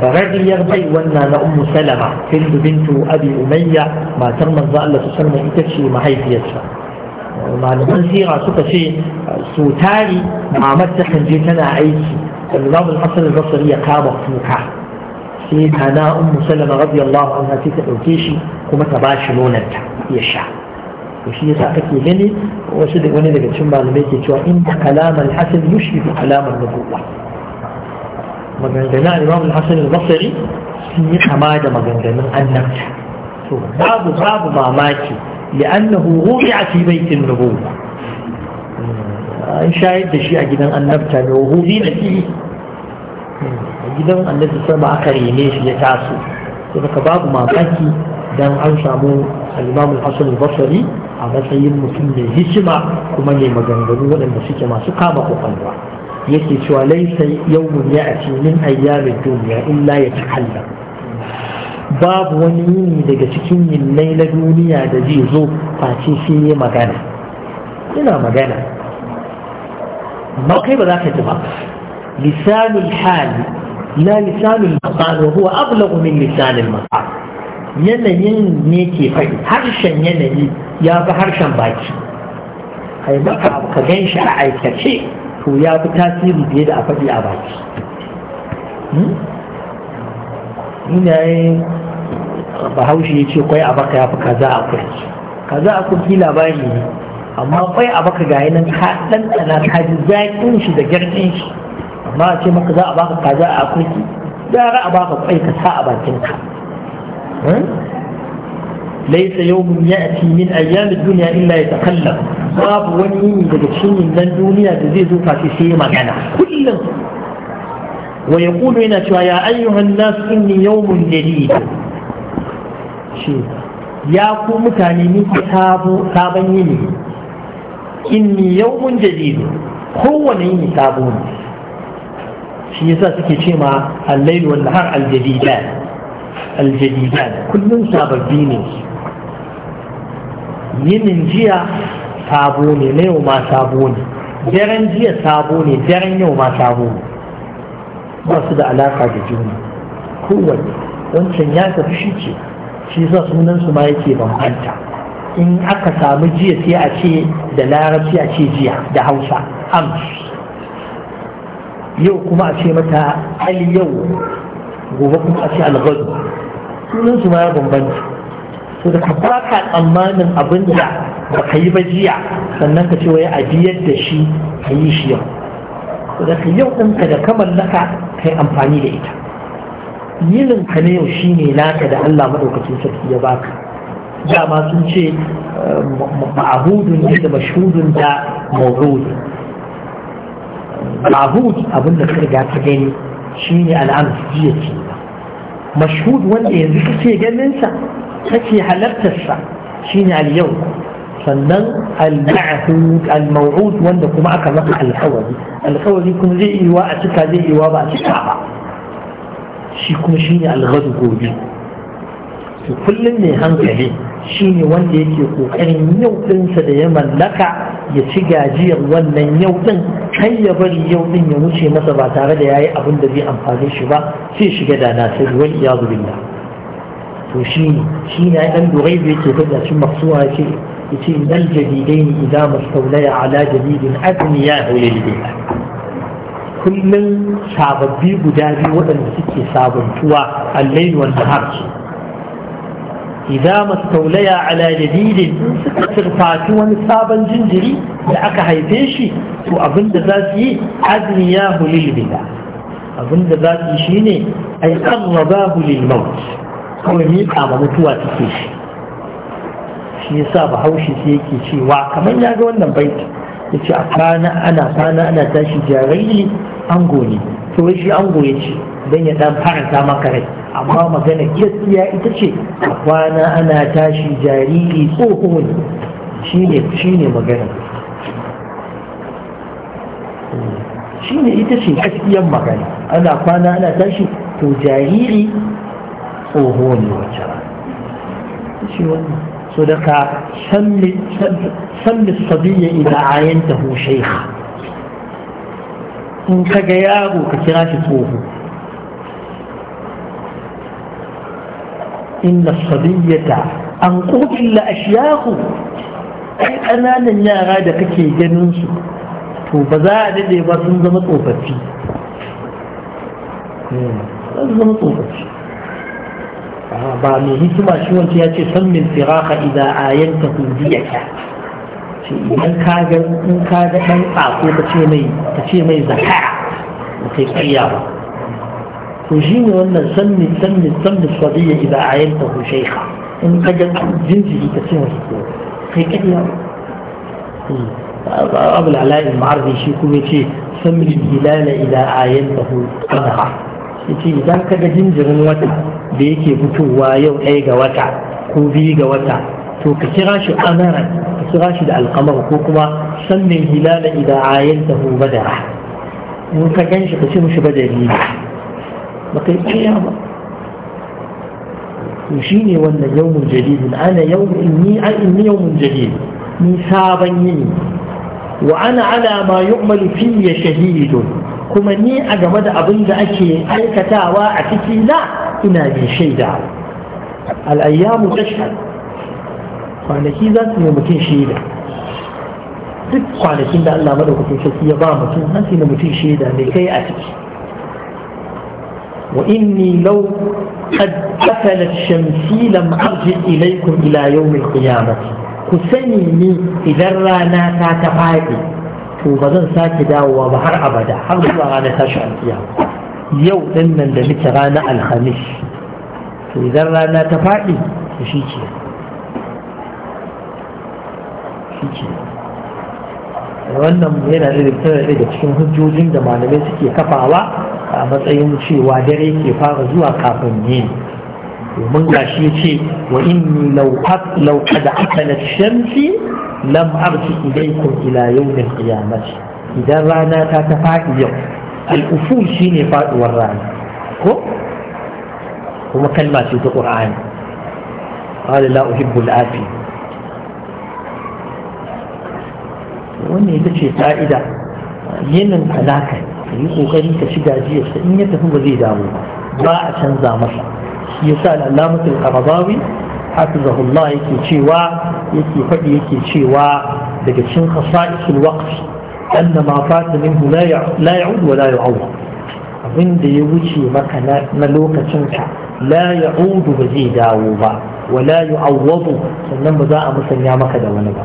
barariyar bai wannan na ummu salama hindu bintu abi umayya matar manza Allah sallallahu alaihi ita ce mahaifiyarsa malaman sira suka ce sutari tari mamar ta je tana aiki Imam al-Hasan al-Basri ya kama kuka sai kana ummu salama radiyallahu anha ta dauke shi kuma ta bashi nonanta ya sha shi yasa kake gani wasu da wani daga cikin malamai ke cewa inda kalamal hasan yushbihu kalamal nubuwah maganganun al'imam al-hassan al-basari sun yi kama da maganganun annabta to babu babu mamaki li'annahu rubi'a fi baitin nubuwa hmm, an shayar da shi a gidan annabta ne wa na fi hmm, a gidan annabta sama aka rene shi ya taso sai ka babu mamaki dan an samu al-imam al-hassan al-basri a matsayin mutum mai hikima kuma ne maganganu waɗanda suke masu kama kwakwalwa yake cewa laisa yawmun ya a min ayyamin duniya illa ya ci babu wani yini daga cikin yinnai na duniya da zai zo face shi ne magana ina magana kai ba za ka ji ba lisanul hali la lisanul maqal wa huwa ablagu min lisanul maqal yanayin ne ke faɗi harshen yanayi ya fi harshen baki ai maka ka gan shi a aikace to ya fi tasiri fiye da a faɗi a baki hmm? ina yi bahaushe ya ce kwai a baka ya fi kaza a kwai kaza a kwai labari ne amma kwai a baka ga nan ka ɗanɗana ta ji zaƙin shi da girkin shi amma a ce maka za a baka kaza a kwai gara a baka kwai ka sa a mun ليس يوم min من أيام الدنيا إلا يتكلم babu wani yini daga cikin nan duniya da zai zo shi sai magana kullum wa yaqulu yana cewa ya ayyuhan nas inni yawmun jadid shi ya ku mutane ni ku sabo sabon yini inni yawmun jadid kowane yini sabo ne shi yasa suke ce ma al-layl wal nahar al-jadidan al-jadidan kullun sababbi ne yinin jiya sabo ne na yau ma sabo ne daren jiya sabo ne daren yau ma sabo ne ba su da alaka da juna kowanne wancan ya tafi shi ce shi sa sunansu ma yake bambanta in aka samu jiya sai a ce da larabci a ce jiya da hausa amsu yau kuma a ce mata al yau gobe kuma a ce al sunansu ma ya bambanta To da ka baka tsammanin abin da ba ka yi ba jiya sannan ka ce wai a biyar da shi ka yi shi yau to da ka yau ɗinka da ka mallaka ka yi amfani da ita yinin ka na yau shi ne naka da Allah maɗaukacin sarki ya baka dama sun ce eh, ma'abudun ne da mashudun da mawrudun ma'abud abin da ka riga ka gani shi ne al'amsu jiya ce mashhud wanda yanzu kake ganin sa kake halartarsa shine al-yau sannan al-ma'hud al-maw'ud wanda kuma aka al maka al alkawari kuma zai yi wa a cika zai yi wa ba a cika ba shi kuma shine al-ghadu gobe to kullum ne hankali shine wanda yake kokarin yau ɗinsa da ya mallaka ya ci gajiyar wannan yau ɗin har ya bari yau ɗin ya wuce masa ba tare da yayi abin da zai amfane shi ba sai shiga da na sai wal iyadu billah to shi shi ne dan durai da yake fada shi maksuwa yake yace dal jadidain idza mustawlaya ala jadidin adniya hulaydain kullun sababbi guda biyu waɗanda suke sabuntuwa allai wal nahar idza mustawlaya ala jadidin suka tsirfatu wani sabon jinjiri da aka haife shi to abinda za su yi adniya hulaydain abinda za su yi shine ay qarrabahu lil maut kawai miƙa ma mutuwa take shi shi yasa bahaushe sai yake cewa kamar ya ga wannan baiti ya ce a kwana ana kwana ana tashi jarayi ango ne to shi ango ya ce don ya dan faranta maka rai amma magana gaskiya ita ce a kwana ana tashi jariri tsoho ne shi ne magana shi ne ita ce gaskiyar magana ana kwana ana tashi to jariri tsoho ne wacce shi wannan so daga sallis sabiyya idan ayanta hu shaikha in ka ga yaro ka kira shi tsoho inna sabiyyata an ƙoƙilla ashiyahu ai ƙananan yara da kake ganin su to ba za a daɗe ba sun zama tsofaffi hmm. sun zama tsofaffi ba mai hikima shi wancan ya ce san min firaka idan ayanta hudiyaka ce idan ka ga in ka ga dan tsako ka ce mai ka ce mai zakara ba kai ƙarya ba to shi ne wannan san min san min san min sadiyya idan ayanta hu shaykha in ka ga jinjiri ka ce mai kai ƙarya ba abu al'ala'in ma'arzi shi kuma ce san min hilala idan ayanta hu qadara yace idan ka ga jinjirin wata da yake fitowa yau ɗaya ga wata ko biyu ga wata to ka kira shi amaran ka kira shi da alkamar ko kuma san mai hilala idan ayanta hu badara in ka gan shi ka ce mushi badari ne ba kai tsaya ba to shi ne wannan yawmun jadidin ana yau inni ni inni yawmun jadid ni sabon yini wa ana ala ma yu'malu fiyya shahidun kuma ni a game da abin da ake aikatawa a ciki na إلى شيء دعوة الأيام تشهد فأنتي ذات نمتين شيدا ذات فأنتي ذات الله ملوك تشتي يضام فأنتي نمتين شيدا لكي أتي وإني لو قد أفلت شمسي لم أرجع إليكم إلى يوم القيامة كسني إذا رانا تاتقائي فغضن ساكدا وبحر أبدا حرب الله على تشعر فيها yau ɗin nan da muke rana alhamis to idan rana ta faɗi to shi ke wannan yana daga cikin hujjojin da malamai suke kafawa a matsayin cewa dare ke fara zuwa kafin yin domin gashi ce wa inni da qad akalat shamsi lam arji ilaykum ila yawm al idan rana ta ta faɗi yau al'uful shi ne faɗuwar rana ko kuma kalma ce ta ƙur'ani qala la uhibbu al'afi wannan ita ce fa'ida yinin alaka yi ƙoƙarin ka shiga jiya in ya tafi ba zai damu ba a canza masa shi yasa al'amatul qaradawi hafizahullah yake cewa yake faɗi yake cewa daga cikin khasa'isul waqti أن ما فات منه لا لا يعود ولا يعوض abin ya wuce maka na lokacinka la audu ba zai dawo ba wa la ya sannan ba za a musanya maka da wani ba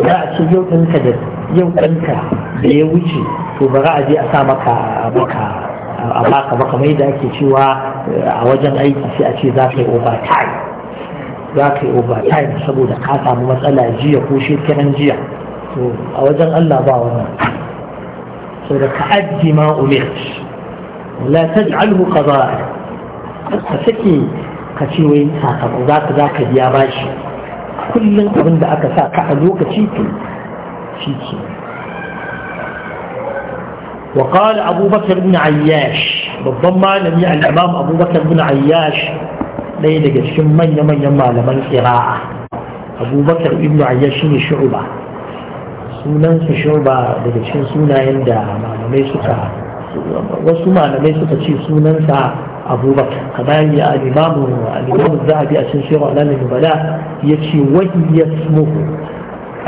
za a ce yau ɗinka da ya wuce to ba za a je a sa maka a baka maka mai da ake cewa a wajen aiki sai a ce za ka yi overtime saboda ka samu matsala jiya ko shekaran jiya a wajen Allah ba wannan so da ka addi ma la taj'alhu qada'a ka sake ka ce wai sakamakon za ka za ka biya ba shi kullum abin da aka sa ka a lokaci ke shi ke abubakar ibn ayyash babban malami al-imam abubakar ibn ayyash ɗaya daga cikin manya-manyan malaman qira'a abubakar ibn ayyash shine shu'ba sunansa shuba daga cikin sunayen da malamai suka wasu malamai suka ce sunansa abubakar kamar ya alimamu alimamu za a bi a cikin shirin alamin nubala ya ce wani ya smuhu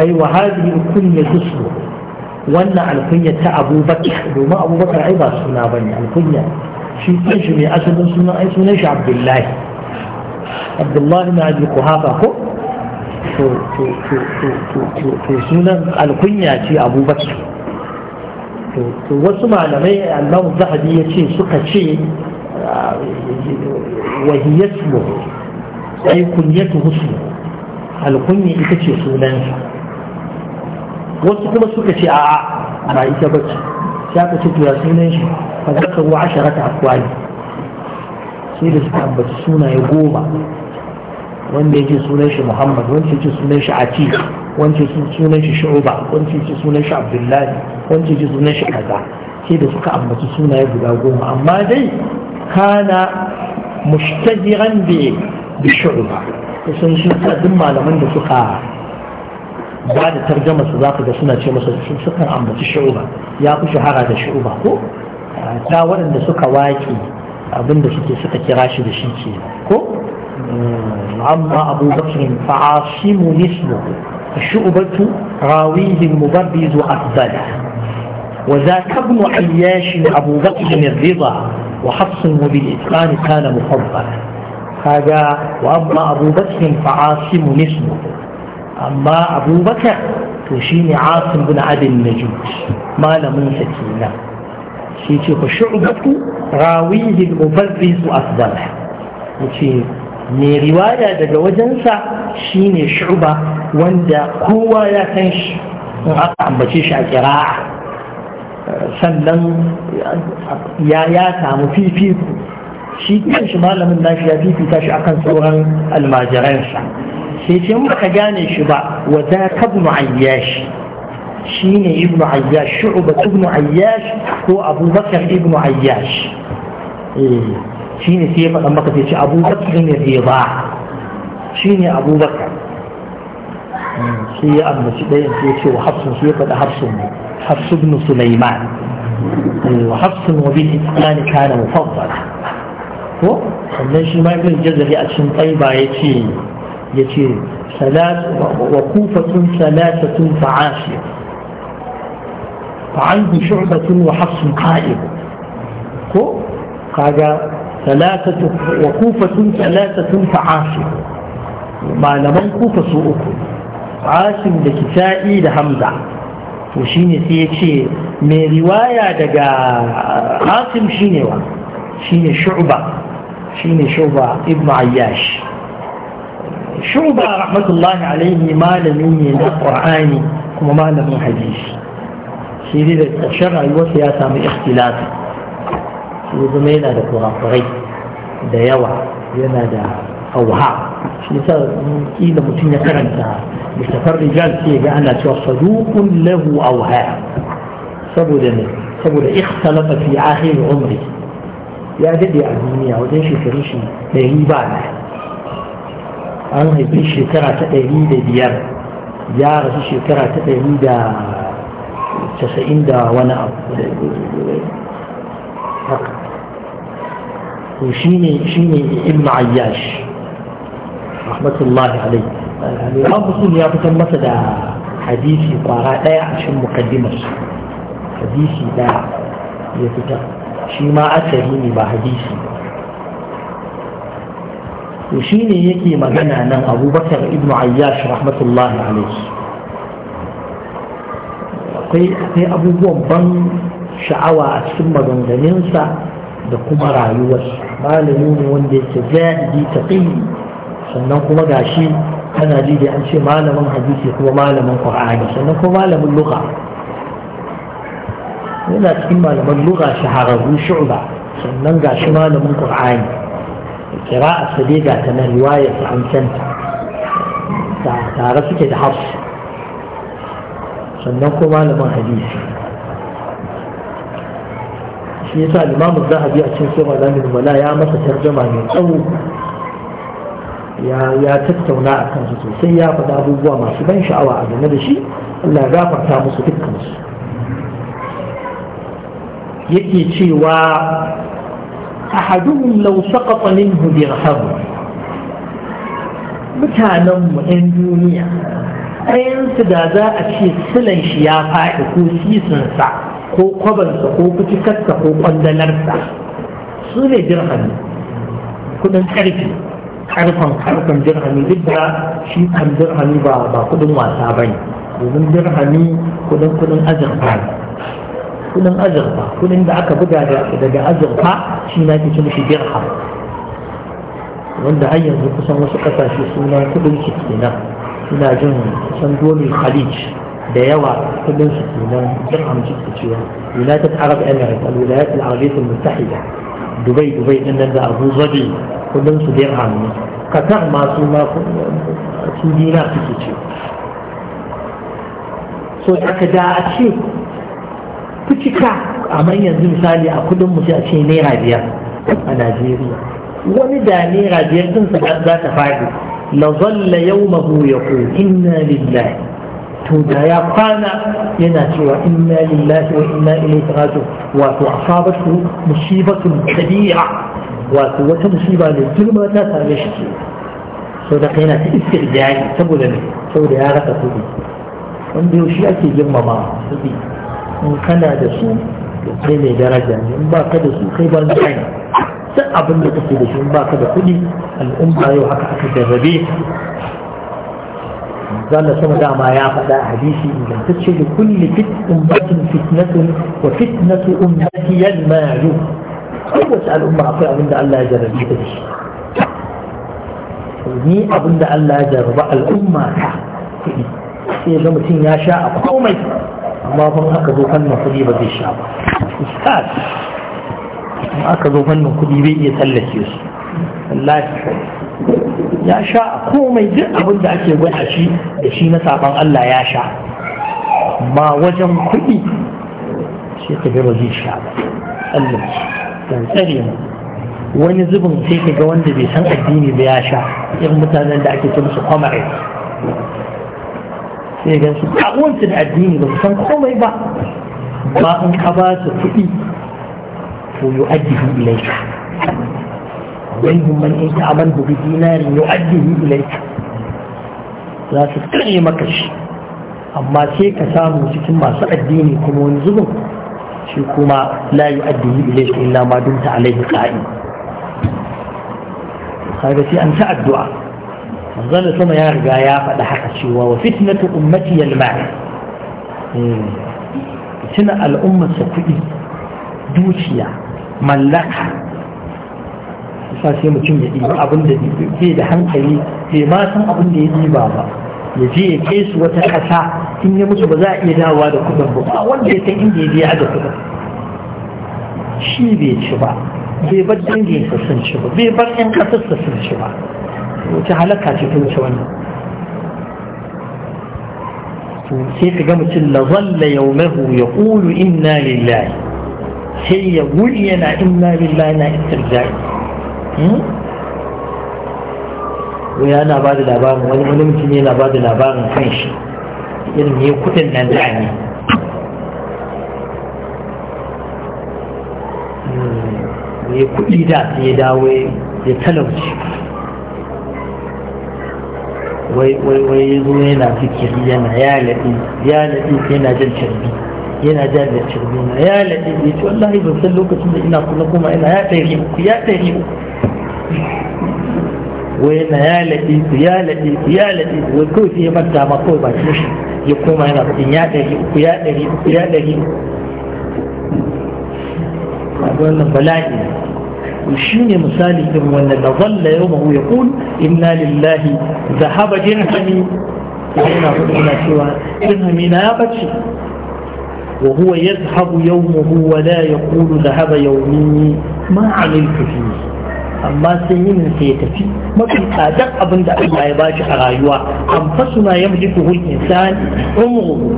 ai wa hadi kunya tusmu wannan alkunya ta abubakar domin abubakar ai ba suna ba ne, alkunya shi kanshi mai asalin sunan ai sunan shi abdullahi abdullahi na abi kuhafa ko to to to to to to sunan alkunya ce abubakar to wasu malamai allahu zahabi ya ce suka ce ah, wahiyatu ai kunyatu husnu alkunya ita ce sunansa wasu kuma suka ce a'a ba ita bace sai aka ce to ya sunan shi fa zakaru asharata akwai sai da suka ambaci sunaye goma wanda yake sunan shi muhammad wanda yake sunan shi atiq wanda yake sunan shi shu'ba wanda yake sunan shi abdullahi wanda yake sunan shi kaza sai da suka ambaci sunaye guda goma amma dai kana mushtajiran bi bi shu'ba kusan shi duk malaman da suka ba da tarjama su zaka ga suna ce masa su sukan ambaci shu'ba ya fi shahara da shu'ba ko ta waɗanda suka waƙi abinda suke suka kira shi da shi ke ko أما أبو بكر فعاصم اسمه الشعبة راويه المبرز أفضل وذاك ابن عياش أبو بكر الرضا وحفص وبالإتقان كان مفضلا هذا وأما أبو بكر فعاصم اسمه أما أبو بكر تشين عاصم بن عبد النجوش ما لم سكينة شيخ شعبة راويه المبرز أفضل mai riwaya daga wajensa shine shuba wanda kowa ya san shi in aka ambace shi a kira sannan ya ya samu fifiku shi shi malamin nashi ya fifita shi akan sauran almajiransa sai ce in baka gane shi ba wa za ka shine ibnu ayyash shu'ba ibnu ayyash ko abubakar ibnu ayyash eh shine sai ya faɗa maka sai ce abubakar ne bai ba shine abubakar sai ya ambaci ɗayan sai ya ce wa hafsun sai ya faɗa hafsun ne hafsu ibn sulaiman wa hafsun wa bin itqan kana mufaddal ko sannan shi ma ibn jazari a cikin taiba ya ce ya ce وكوفة ثلاثة فعاشر فعنه شعبة وحفص قائم ko kaga ثلاثة وكوفة ثلاثة فعاصم ما لمن كوفة سوء عاصم لكسائي لحمزة to shi ne sai ya ce mai riwaya daga hasim shi ne wa shi ne shu'ba shi ne shu'ba ibn ayyash shu'ba rahmatullahi alaihi malamin ne na qur'ani kuma malamin hadisi shi da ƙarshen rayuwarsa ya samu ya zama yana da kurakurai da yawa yana da hauha shi yasa kila mutum ya karanta littafin rijal sai ga ana cewa saduqun lahu auha saboda ne saboda ikhtalafa fi akhir umri ya dade a duniya wajen shekaru shi ɗari ba na an haifi shekara ta ɗari da biyar ya rasu shekara ta ɗari da casa'in da wani abu haka to shine shine ibn ayyash rahmatullahi alaihi imam ya fitar masa da hadisi kwara daya a cikin mukaddimar hadisi daya ya fitar shi ma asali ne ba hadisi to shine yake magana nan abubakar ibn ayyash rahmatullahi alaihi akwai abubuwan ban sha'awa a cikin maganganunsa da kuma rayuwarsu. malami ne wanda yake zaidi taqi sannan kuma gashi kana ji da an ce malamin hadisi kuma malamin qur'ani sannan kuma malamin lugha yana cikin malaman lugha shahararru shu'ba sannan gashi malamin qur'ani kira'a sade ga ta na riwayar an santa tare suke da hafsu sannan kuma malamin hadisi shi yasa limamu zahabi a cikin sirra zamin mala ya masa tarjama mai tsawo ya tattauna a kansu sosai ya faɗa abubuwa masu ban sha'awa a game da shi Allah gafarta musu dukkansu yake cewa ahaduhum law saqata minhu dirham mutanen mu ɗan duniya ɗayansu da za a ce silan shi ya faɗi ko sisinsa ko kwabansa ko fitikarsa ko kwandalarsa su ne dirhami kudin karfi karfan karfan dirhami duk da shi kan dirhami ba ba kudin wasa ba ne domin dirhami kudin kudin azurfa ne kudin azurfa kudin da aka buga daga azurfa shi na ke mishi dirham wanda har yanzu kusan wasu kasashe suna kudin su kenan suna jin kusan dole khalij da yawa kudin su kenan dirham jikka cewa united arab emirates al-wilayat al-arabiyyah al-muttahida dubai dubai din nan da abu zabi kudin su dirham ne qatar ma su ma su dinar suke cewa so aka da a ce kucika amma yanzu misali a kudin mu sai a ce naira biyar a najeriya wani da naira biyar din sa za ta faɗi. la zalla yawmahu yaqul inna lillahi to da ya kwana yana cewa inna lillahi wa inna ilaihi raji'un wato asabatu musibatun kabira wato wata musiba ne girma ta same shi ke sau da kai yana ta istirjani saboda ne saboda ya rasa kuɗi wanda yau shi ake girmama kuɗi in kana da su kai mai daraja ne in ba ka da su kai ban kai duk abin da kake da shi in ba ka da kuɗi al'umma yau haka aka jarrabe زال سنة دعا ما يعفى دعا حديثي إن تشهد كل فتنة أمة فتنة وفتنة أمتي الماعجوب أو تسأل أمة أفعى أبن دعا الله جل بيتش ني أبن دعا الله جل رضا الأمة حق في يوم تين يا شاء قومي ما فهم أكدو فن قديبة الشعب أستاذ ما أكدو فن قديبة يتلت يوسف الله يحفظ ya sha a komai duk abin da ake gwada shi da shi na saban Allah ya sha ma wajen kuɗi sai ka ga ba zai sha ba Allah dan tsare mu wani zubin sai ka ga wanda bai san addini ba ya sha irin mutanen da ake ce musu kwamare sai ga su kawunci da addini ba su san komai ba ba in ka ba su kuɗi to yu'addihu ilayka ومنهم من إن تعمله بدينار يؤديه إليك za su kare maka shi amma sai ka samu cikin masu addini kuma wani zubin shi kuma la yi addini ilai shi illa ma dumta alaihi qa'i kaga sai an ta addu'a manzon sama ya riga ya faɗi haka cewa wa fitnatu ummati al-ma'i tuna al'ummar kuɗi dukiya mallaka sa sai mutum ya ɗiba abin da ke da hankali bai ma san abin da ya ɗiba ba ya je ya kai su wata ƙasa in ya mutu ba za a iya dawowa da kuɗin ba ba wanda ya san inda ya biya ya kuɗin shi bai ci ba bai bar danginsa sun ci ba bai bar 'yan ƙasarsa sun ci ba wata halaka ce ta wuce wannan sai ka ga mutum la zalla yawmahu ya ƙulu inna lillahi sai ya wuce yana inna lillahi na istirja'i Hmm? ya na ba da labarin wani mulki ne na ba da labarin kan shi irin ne kudin nan da ne ne hmm, kudi da ya dawo ya talauci wai wai wai ya zo yana fikiri yana ya laɗi ya laɗi yana jan carbi yana jan da carbi na ya laɗi ya ce wallahi ban san lokacin da ina kuma kuma ina ya ɗari uku ya ɗari uku wai na ya laɗi ya laɗi ya laɗi wai kawai sai ya manta ma kawai bakin shi ya koma yana faɗin ya ɗari uku ya ɗari uku ya ɗari uku wannan bala'i shi ne misali ɗin wanda da zalla yau mahu ya kun inna lillahi da haba jirhami yana faɗin yana cewa jirhami na ya bace وهو يذهب يومه ولا يقول ذهب يومي ما عملت فيه amma sai yinin sai ya tafi mafi tsadar abin da Allah ya bashi a rayuwa an fasuna ya muji kuhul insan umru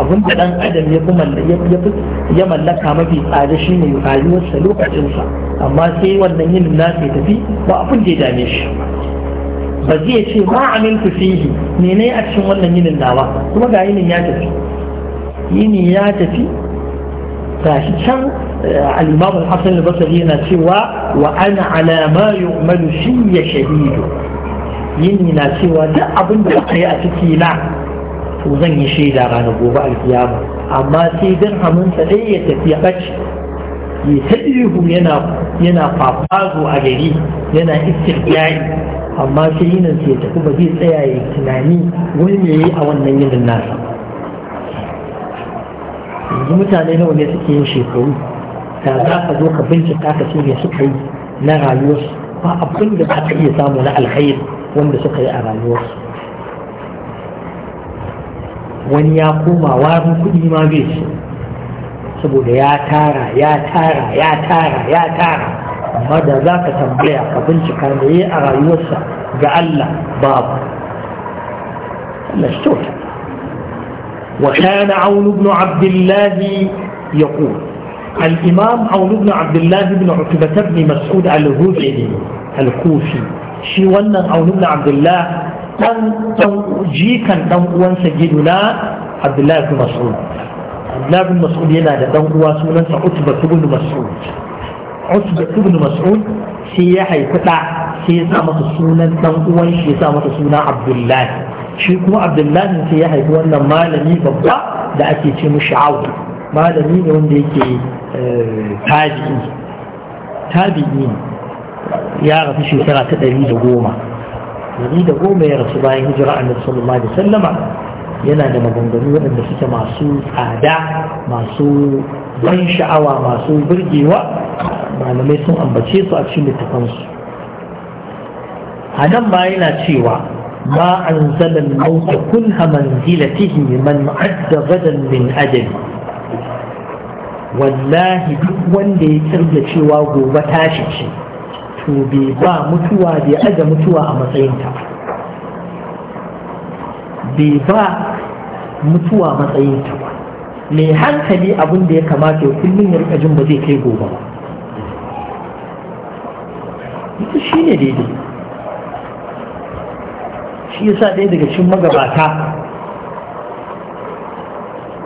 abin da dan adam ya fi ya mallaka mafi tsada shine rayuwarsa lokacinsa amma sai wannan yin na ya tafi ba abin da ya dame shi ba zai ce ma amiltu fihi ne a cikin wannan yinin nawa kuma ga yinin ya tafi yini ya tafi tashi can eh, al-imam al basri yana cewa wa ana ala ma yu'malu shiyya shahidu yini na cewa duk abin da aka yi a ciki na to zan yi shaida ranar gobe alkiyama amma sai dan hamunsa dai ya tafi ya bace ya yana yana fafazo a gari yana istirjai amma sai yinin sai ya tafi ba zai tsaya ya tunani wani me yi a wannan yinin nasa yanzu mutane nawa ne suke yin shekaru da za ka zo ka bincika ka ce me suka yi na rayuwarsu ba abin da aka iya samu na alkhair wanda suka yi a rayuwarsu wani ya koma warin kuɗi ma bai su saboda ya tara ya tara ya tara ya tara amma da za ka tambaya ka bincika da yi a rayuwarsa ga Allah babu Allah shi kyauta وكان عون بن عبد الله يقول الامام عون بن عبد الله بن عتبة بن مسعود ا الكوفي شي ونا عون بن عبد الله كان توجي كان د و سجدنا عبد الله بن مسعود عبد الله بن مسعود ينا د و ا سولا ع ت ب ة بن مسعود ع ت ب ة بن مسعود سيحي كتا سي سولا د و ا سيسامه سولا عبد الله shi kuma abdullahi sai ya haifi wannan malami babba da ake ce mushi awu malami ne wanda yake eh, tabi'i tabi'i ya rasu shekara ta ɗari da goma ɗari da goma ya rasu bayan hijira annabi sallallahu da sallama. yana da maganganu waɗanda suke masu tsada masu ban sha'awa masu birgewa malamai sun ambace su a cikin littafansu a nan ma yana cewa ما أنزل الموت كل منزلته من عد غدا من أجل wallahi duk wanda ya kirga cewa gobe tashi ce to bai ba mutuwa bai aza a matsayinta bai ba hankali abin da ya kamata ya kullum ya rika jin ba zai kai gobe ba shi ne daidai shi yasa ɗaya daga cikin magabata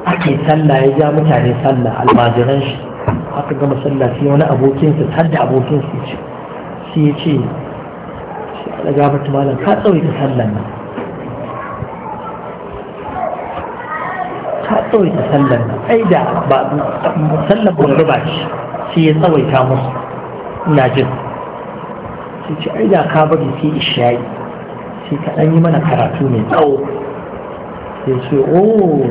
ake sallah ya ja mutane sallah almajiran shi aka gama sallah sai wani abokinsa har da abokinsa ce sai ya ce shi ala gafata malam ka tsawaita sallah nan ka tsawaita sallah nan ai da ba sallah ba ba ce sai ya tsawaita musu ina jin sai ce ai da ka bari sai ishayi sai ka yi mana karatu mai tsawo sai ce oh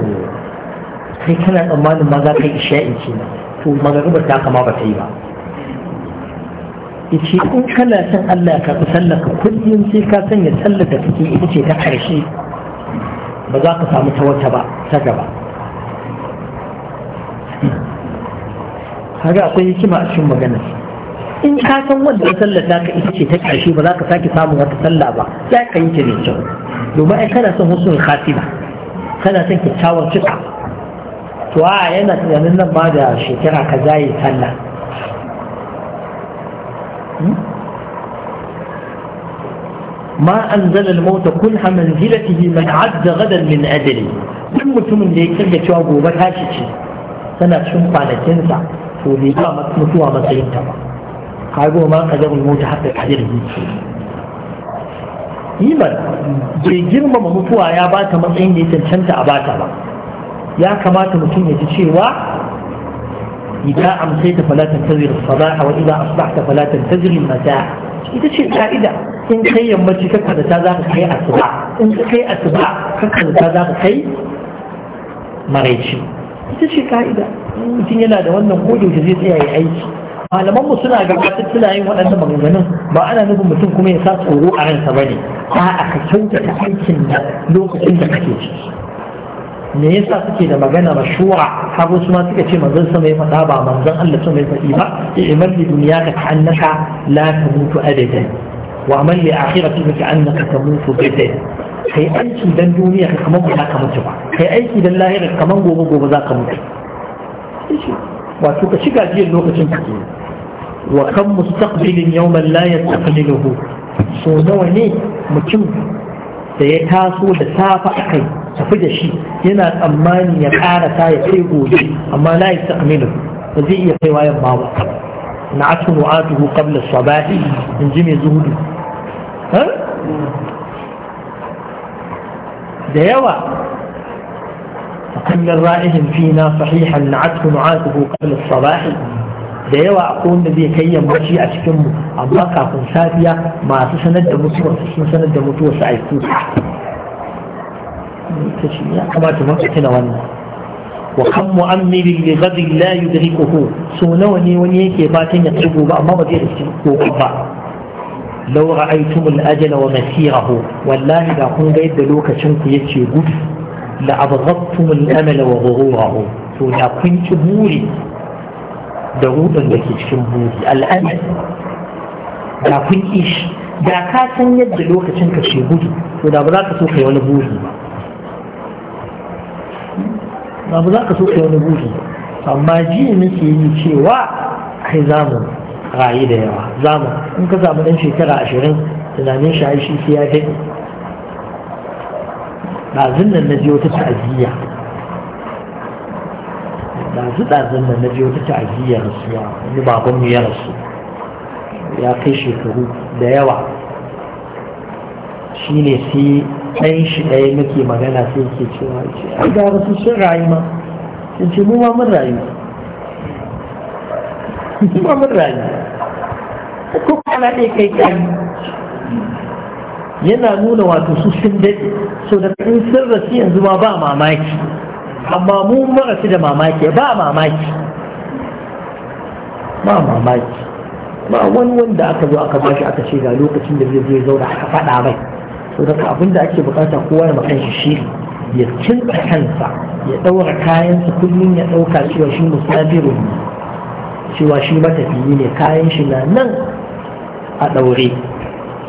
kana tsammanin ma za ka yi isha'i ce na to magariba ta kama ba ta yi ba yace in kana son Allah ka fi sallaka kullum sai ka sanya sallar da kake ita ce ta ƙarshe ba za ka samu ta wata ba ta gaba kaga akwai hikima a cikin maganar in ka san wannan sallar naka ita ce ta ƙarshe ba za ka sake samun wata sallah ba ya ka yi ta ne kyau domin ai kana son husnul khatima kana son kyakkyawar cika to a yana tunanin nan ma da shekara ka zaye sallah ما أنزل الموت كلها منزلته من عد غدا من أجله duk mutumin da ya kirga cewa gobe tashi ce tana cikin kwanakinsa to bai ba mutuwa matsayin ta ba kago ma kadarul mota hatta kadirhi iman bai girmama mutuwa ya ba ta matsayin da ya cancanta a ba ta ba ya kamata mutum ya ci cewa idan amsaita fala tantazir sabaha wa idan asbahta fala tantazir mata ita ce ka'ida in kai yammaci kakka da ta za ka kai asuba in ka kai asuba kakka da ta za ka kai maraici ita ce ka'ida mutum yana da wannan kodin da zai tsaya ya aiki malaman mu suna gabatar suna yin waɗannan maganganun ba ana nufin mutum kuma ya sa tsoro a ransa ba ne a'a ka kyautata aikin da lokacin da kake ciki me yasa suke da magana mashura har wasu ma suka ce manzon sama ya faɗa ba manzon Allah sama ya faɗi ba i'mal li duniya ka annaka la tamutu abadan wa amal li akhiratika ka annaka tamutu bidan kai aiki dan duniya ka kamar ba za ka mutu ba kai aiki dan lahira kamar gobe gobe za ka mutu wato ka shiga jiyan lokacin ka kenan wa kan mustaqbilin yawman la yastaqbiluhu so nawa ne mutum da ya taso da safa akai tafi da shi yana tsammani ya karasa ya kai gobe amma la yastaqbiluhu ba zai iya kaiwa yamma ba na'atu nu'atuhu qabla sabahi in ji mai zuhudu da yawa فكل رائح فينا صحيحا نعته نعاته قبل الصباح da yawa akwai wanda zai kai shi a cikinmu amma kafin safiya masu sanar da mutuwar sun sanar da mutuwar su aiku ya kamata mun tuna wannan wa kan mu'ammirin li ghadin la yudrikuhu so nawa ne wani yake fatan ya kai gobe amma ba zai riski gobe ba law ra'aytum al-ajala wa masirahu wallahi da kun ga yadda lokacin ku yace gudu la abghadtum al-amala wa ghururahu to da kun ci buri da rudan da ke cikin buɗi al'adu da kun ishi da ka san yadda lokacin ka ke gudu to da ba za ka so yi wani buɗi ba ba za ka so yi wani buɗi amma jiya nake yi cewa kai za mu rayu da yawa Za mu in ka samu ɗan shekara ashirin tunanin shi shi sai ya daɗe ɗazun nan na ji wata ta'aziyya Dazu ɗazun da na je wata ta'aziyya rasuwa wani babanmu ya rasu ya kai shekaru da yawa shi ne sai ɗan shi ɗaya muke magana sai ke cewa ce ai ga rasu sun rayu ma sun ce mu ma mun rayu *laughs* mu ma mun rayu ko kwana ɗaya kai kai yana nuna wato su sun daɗe so da in sun rasu yanzu ma ba mamaki amma mu marasu da mamaki ba mamaki ba mamaki ba wani wanda aka zo aka bashi aka ce ga lokacin da zai zo zauna aka faɗa mai so daga abin da ake bukata kowa da makan shi shiri ya kinta kansa ya ɗaura kayansa kullum ya ɗauka cewa shi musafirun ne cewa shi matafiyi ne kayan shi na nan a ɗaure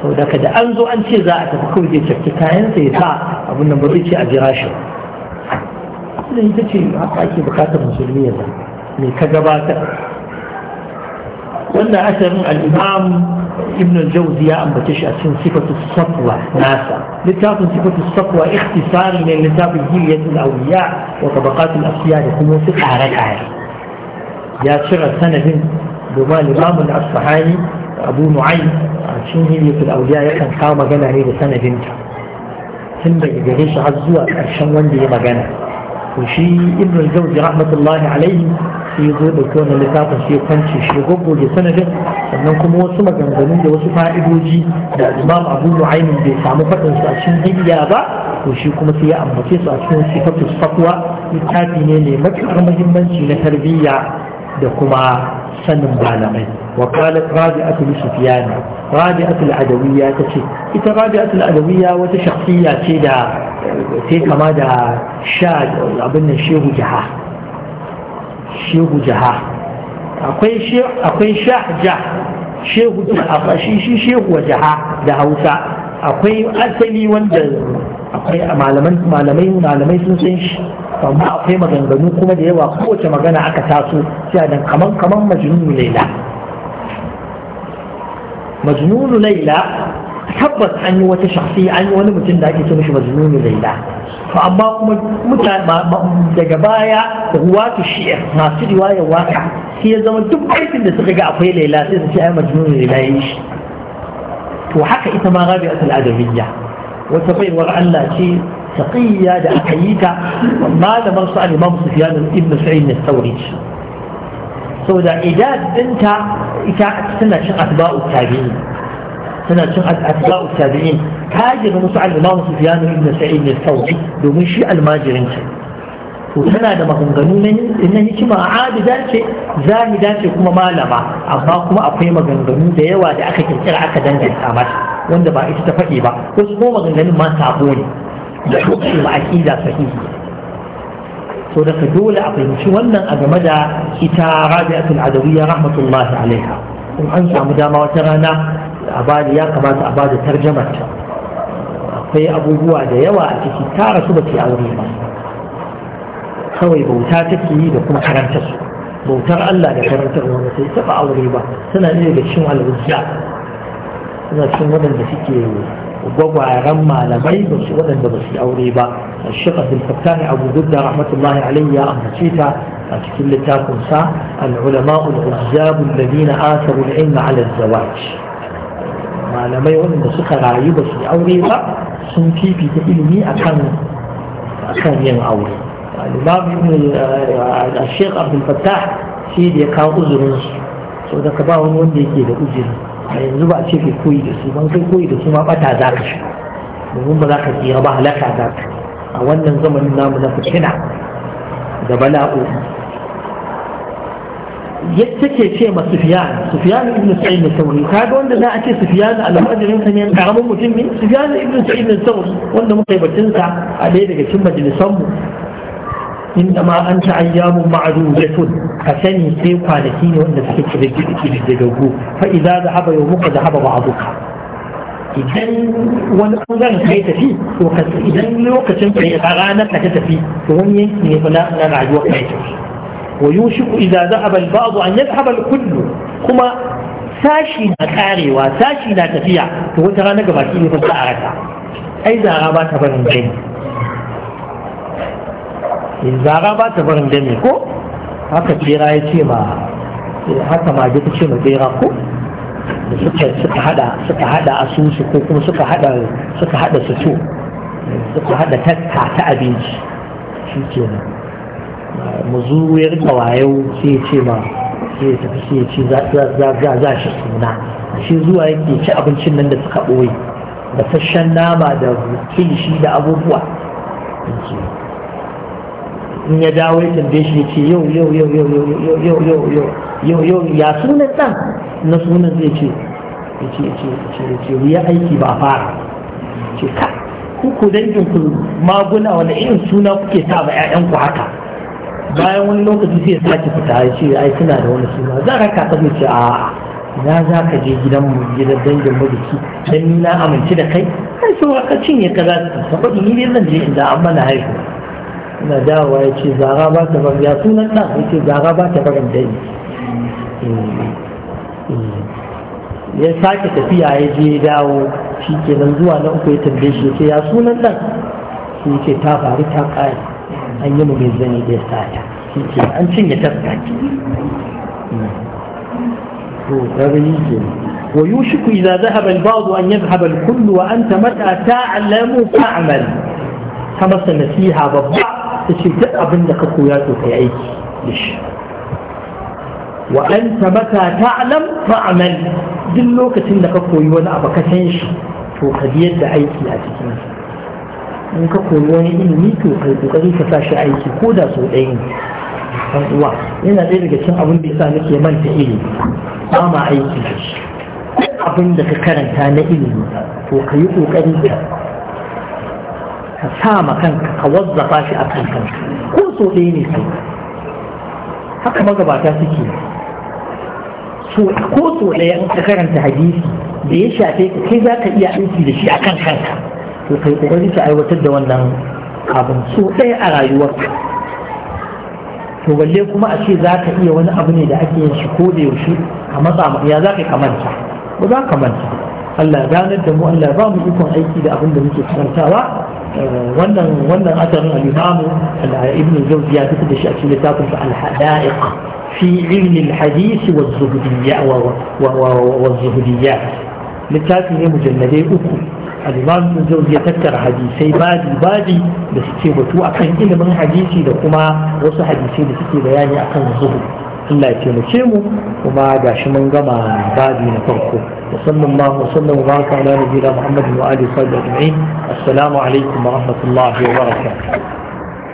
sau daga da an zo an ce za a tafi kawai ya cakki kayansa ya sa abin nan ba zai ce a jira shi wannan ita ce haka ake bukatar musulmi ya mai ka gabatar wannan asarin al'imam ibn al-jawzi ya ambace shi a cikin sifatu safwa nasa littafin sifatu safwa ikhtisari ne littafin hilyatul awliya wa tabaqatul asiya da kuma wasu kare-kare ya cire sanadin domin al-imam al-asfahani abu nu'aym a cikin hilyatul awliya yakan kawo magana ne da sanadinta tun daga gare shi har zuwa ƙarshen wanda ya magana to shi ibn al-jawzi rahmatullahi alaihi sai zo da kowane littafin sai kwance shi goggoge sanadin sannan kuma wasu maganganun da wasu fa'idoji da imam abu nu'aymin bai samu faɗin su a cikin hidiya ba to shi kuma sai ya ambace su a cikin sifatu safwa littafi ne mai matuƙar muhimmanci na tarbiyya da kuma sanin malamai wa qalat rabi'atul sufyan rabi'atul adawiyya tace ita rabi'atul adawiyya wata shakhsiyya ce da sai kama da sha abin nan shehu jaha shehu jaha akwai sha ja shehu jaha shi shehu jaha da hausa akwai asali wanda akwai malamai malamai sun san shi amma akwai maganganu kuma da yawa kowace magana aka taso sai dan kaman kaman majnunu laila majnunu laila tabbas an yi wata shafi an yi wani mutum da ake so mishi mazmuni laila to amma kuma mutane daga baya ruwatu shi'ar masu riwaya waka sai ya zama duk aikin da suka ga akwai laila sai su ce ai mazmuni laila yi shi to haka ita ma gabi rabi'atul adabiyya wata baiwar Allah ce taqiyya da aka yi ta malamar su al-Imam Sufyan ibn Sa'id al-Thawri saboda idan dinta ita tana shin asba'u tabi'i tana cin al'adba'u tabi'in ta jira musu al'imamu su fiya nuna ibn sa'id ne sauri domin shi almajirin ce to tana da maganganu na hikima a dace, ce zahida dace kuma malama amma kuma akwai maganganu da yawa da aka kirkira aka danganta mata wanda ba ita ta faɗi ba wasu kuma maganganun ma sabo ne da shi ma aqida sahihi to daga dole a fahimci wannan a game da ita rabi'atul adawiyya rahmatullahi alaiha in an samu dama wata rana abadi ya kamata abadi tarjamar ta akwai abubuwa da yawa a ciki tara su ba ke aure ba kawai bauta take yi da kuma karanta su bautar Allah da karantar wani sai taba aure ba suna ne daga cikin alwujiya suna cin waɗanda suke gwagwaran malamai ba su waɗanda ba su aure ba a shiƙa zulfattani abu dudda rahmatullahi alayhi ya ambace ta a cikin littafinsa al'ulama'ul uzzabul ladina asabu al-ilma ala zawaj malamai waɗanda suka rayu ba su aure ba sun fifita ilimi a kan yin aure al-imam ibn uh, uh, sheikh abdul fattah shi da ya kawo uzurin su da ka ba wani wanda yake da uzuri a yanzu ba a ce kai koyi da su ban kai koyi da su ma bata za ka shi domin ba za ka tsira ba halaka za ka a wannan zamanin namu na fitina da bala'o'i yadda ke ce ma Sufyan Sufyan ibn Sa'id al-Thawri kaga wanda za a ce Sufyan al-Madrin sa ne karamin mutum ne Sufyan ibn Sa'id al-Thawri wanda muka yi batun sa a ɗaya daga cikin majalisan mu inda ma an ta ayyamu ma'dudatun ka sani sai kwanaki ne wanda suke kididdige kididdigaggu fa idza zahaba yawmuka zahaba ba'duka idan wani bangaren kai tafi to idan lokacin kai ranar ka ta tafi to wani yanki ne na rayuwar kai tafi ويوشك إذا ذهب البعض أن يذهب الكل كما ساشي نكاري وساشي نتفيع وترى نقبتي لفتاة أرتا أي زارة بات برن دمي زارة بات برن دمي كو haka tsira ya ce ma haka mage ta ce ma tsira ko da suka hada suka asusu ko kuma suka hada suto suka hada tatta ta abinci shi kenan mu zu ya rika wayo sai ya ce ma sai ya tafi sai ya ce za shi suna shi zuwa yake ci abincin nan da suka ɓoye da fashen nama da kilishi da abubuwa in ya dawo ya tambaye shi ya ce yau yau yau yau yau yau yau yau yau yau ya sunan ɗan na sunan zai ce ya ce ya ce ya ce aiki ba fara ce ka ku ku dangin ku maguna wani irin suna kuke sa ba 'ya'yanku haka bayan wani lokaci sai ya sake fita ya ce ai suna da wani suna za ka kafa zai ce a'a na za ka je gidan mu gidan dangin mabiki dan ni na amince da kai kai so ka cinye ka za ka faɗi ni ne zan je inda amma na haihu ina dawowa ya ce zara ba ta bar ya sunan da ya ce zara ba ta barin dai eh, eh, ya sake tafiya ya je dawo shi kenan zuwa na uku ya tambaye shi ya ce ya sunan ɗan shi ya ce ta faru ta ƙare an yi mu an cinye kaga yi ke ويوشك إذا ذهب البعض أن يذهب الكل وأنت متى تعلم فأعمل كما سنسيها بالضع تشتاء بندق قوياته في عيش ليش وأنت متى تعلم فأعمل دلوك سنك قوي ولا أبكتنش وقد يد لا تتنسى in ka koyi wani ilimi to kai kokari ka sa shi aiki ko da so ɗaya ne ɗan uwa yana ɗaya daga cikin abin da yasa nake manta ilimi ba ma aiki da shi abin da ka karanta na ilimi to ka yi kokari ka ka sa ma kanka ka wazzafa shi a kan kanka ko so ɗaya ne kai haka magabata suke ko so ɗaya in ka karanta hadisi da ya shafe ka kai za ka iya aiki da shi a kan kanka to kai kokari ka aiwatar da wannan abin so ɗaya a rayuwarka to balle kuma a ce za ka iya wani abu ne da ake yin shi ko da yaushe a matsa ya za ka kamanta ba za ka manta Allah ya ganar da mu Allah ba mu ikon aiki da abin da muke karantawa wannan wannan asarin al-Imam Ibn Jawzi ya fita da shi a cikin littafin sa al-Hadaiq fi ilmi al-hadith wa az-zuhdiyya wa wa wa az-zuhdiyya littafin ne mujalladai uku al-imam ibn ya tattara hadisai babi babi da suke batu akan ilimin hadisi da kuma wasu hadisai da suke bayani akan zuhud Allah ya taimake mu kuma gashi mun gama babi na farko musamman ma musamman ma ka ala nabiyina Muhammad wa alihi wa sahbihi assalamu alaikum wa rahmatullahi wa barakatuh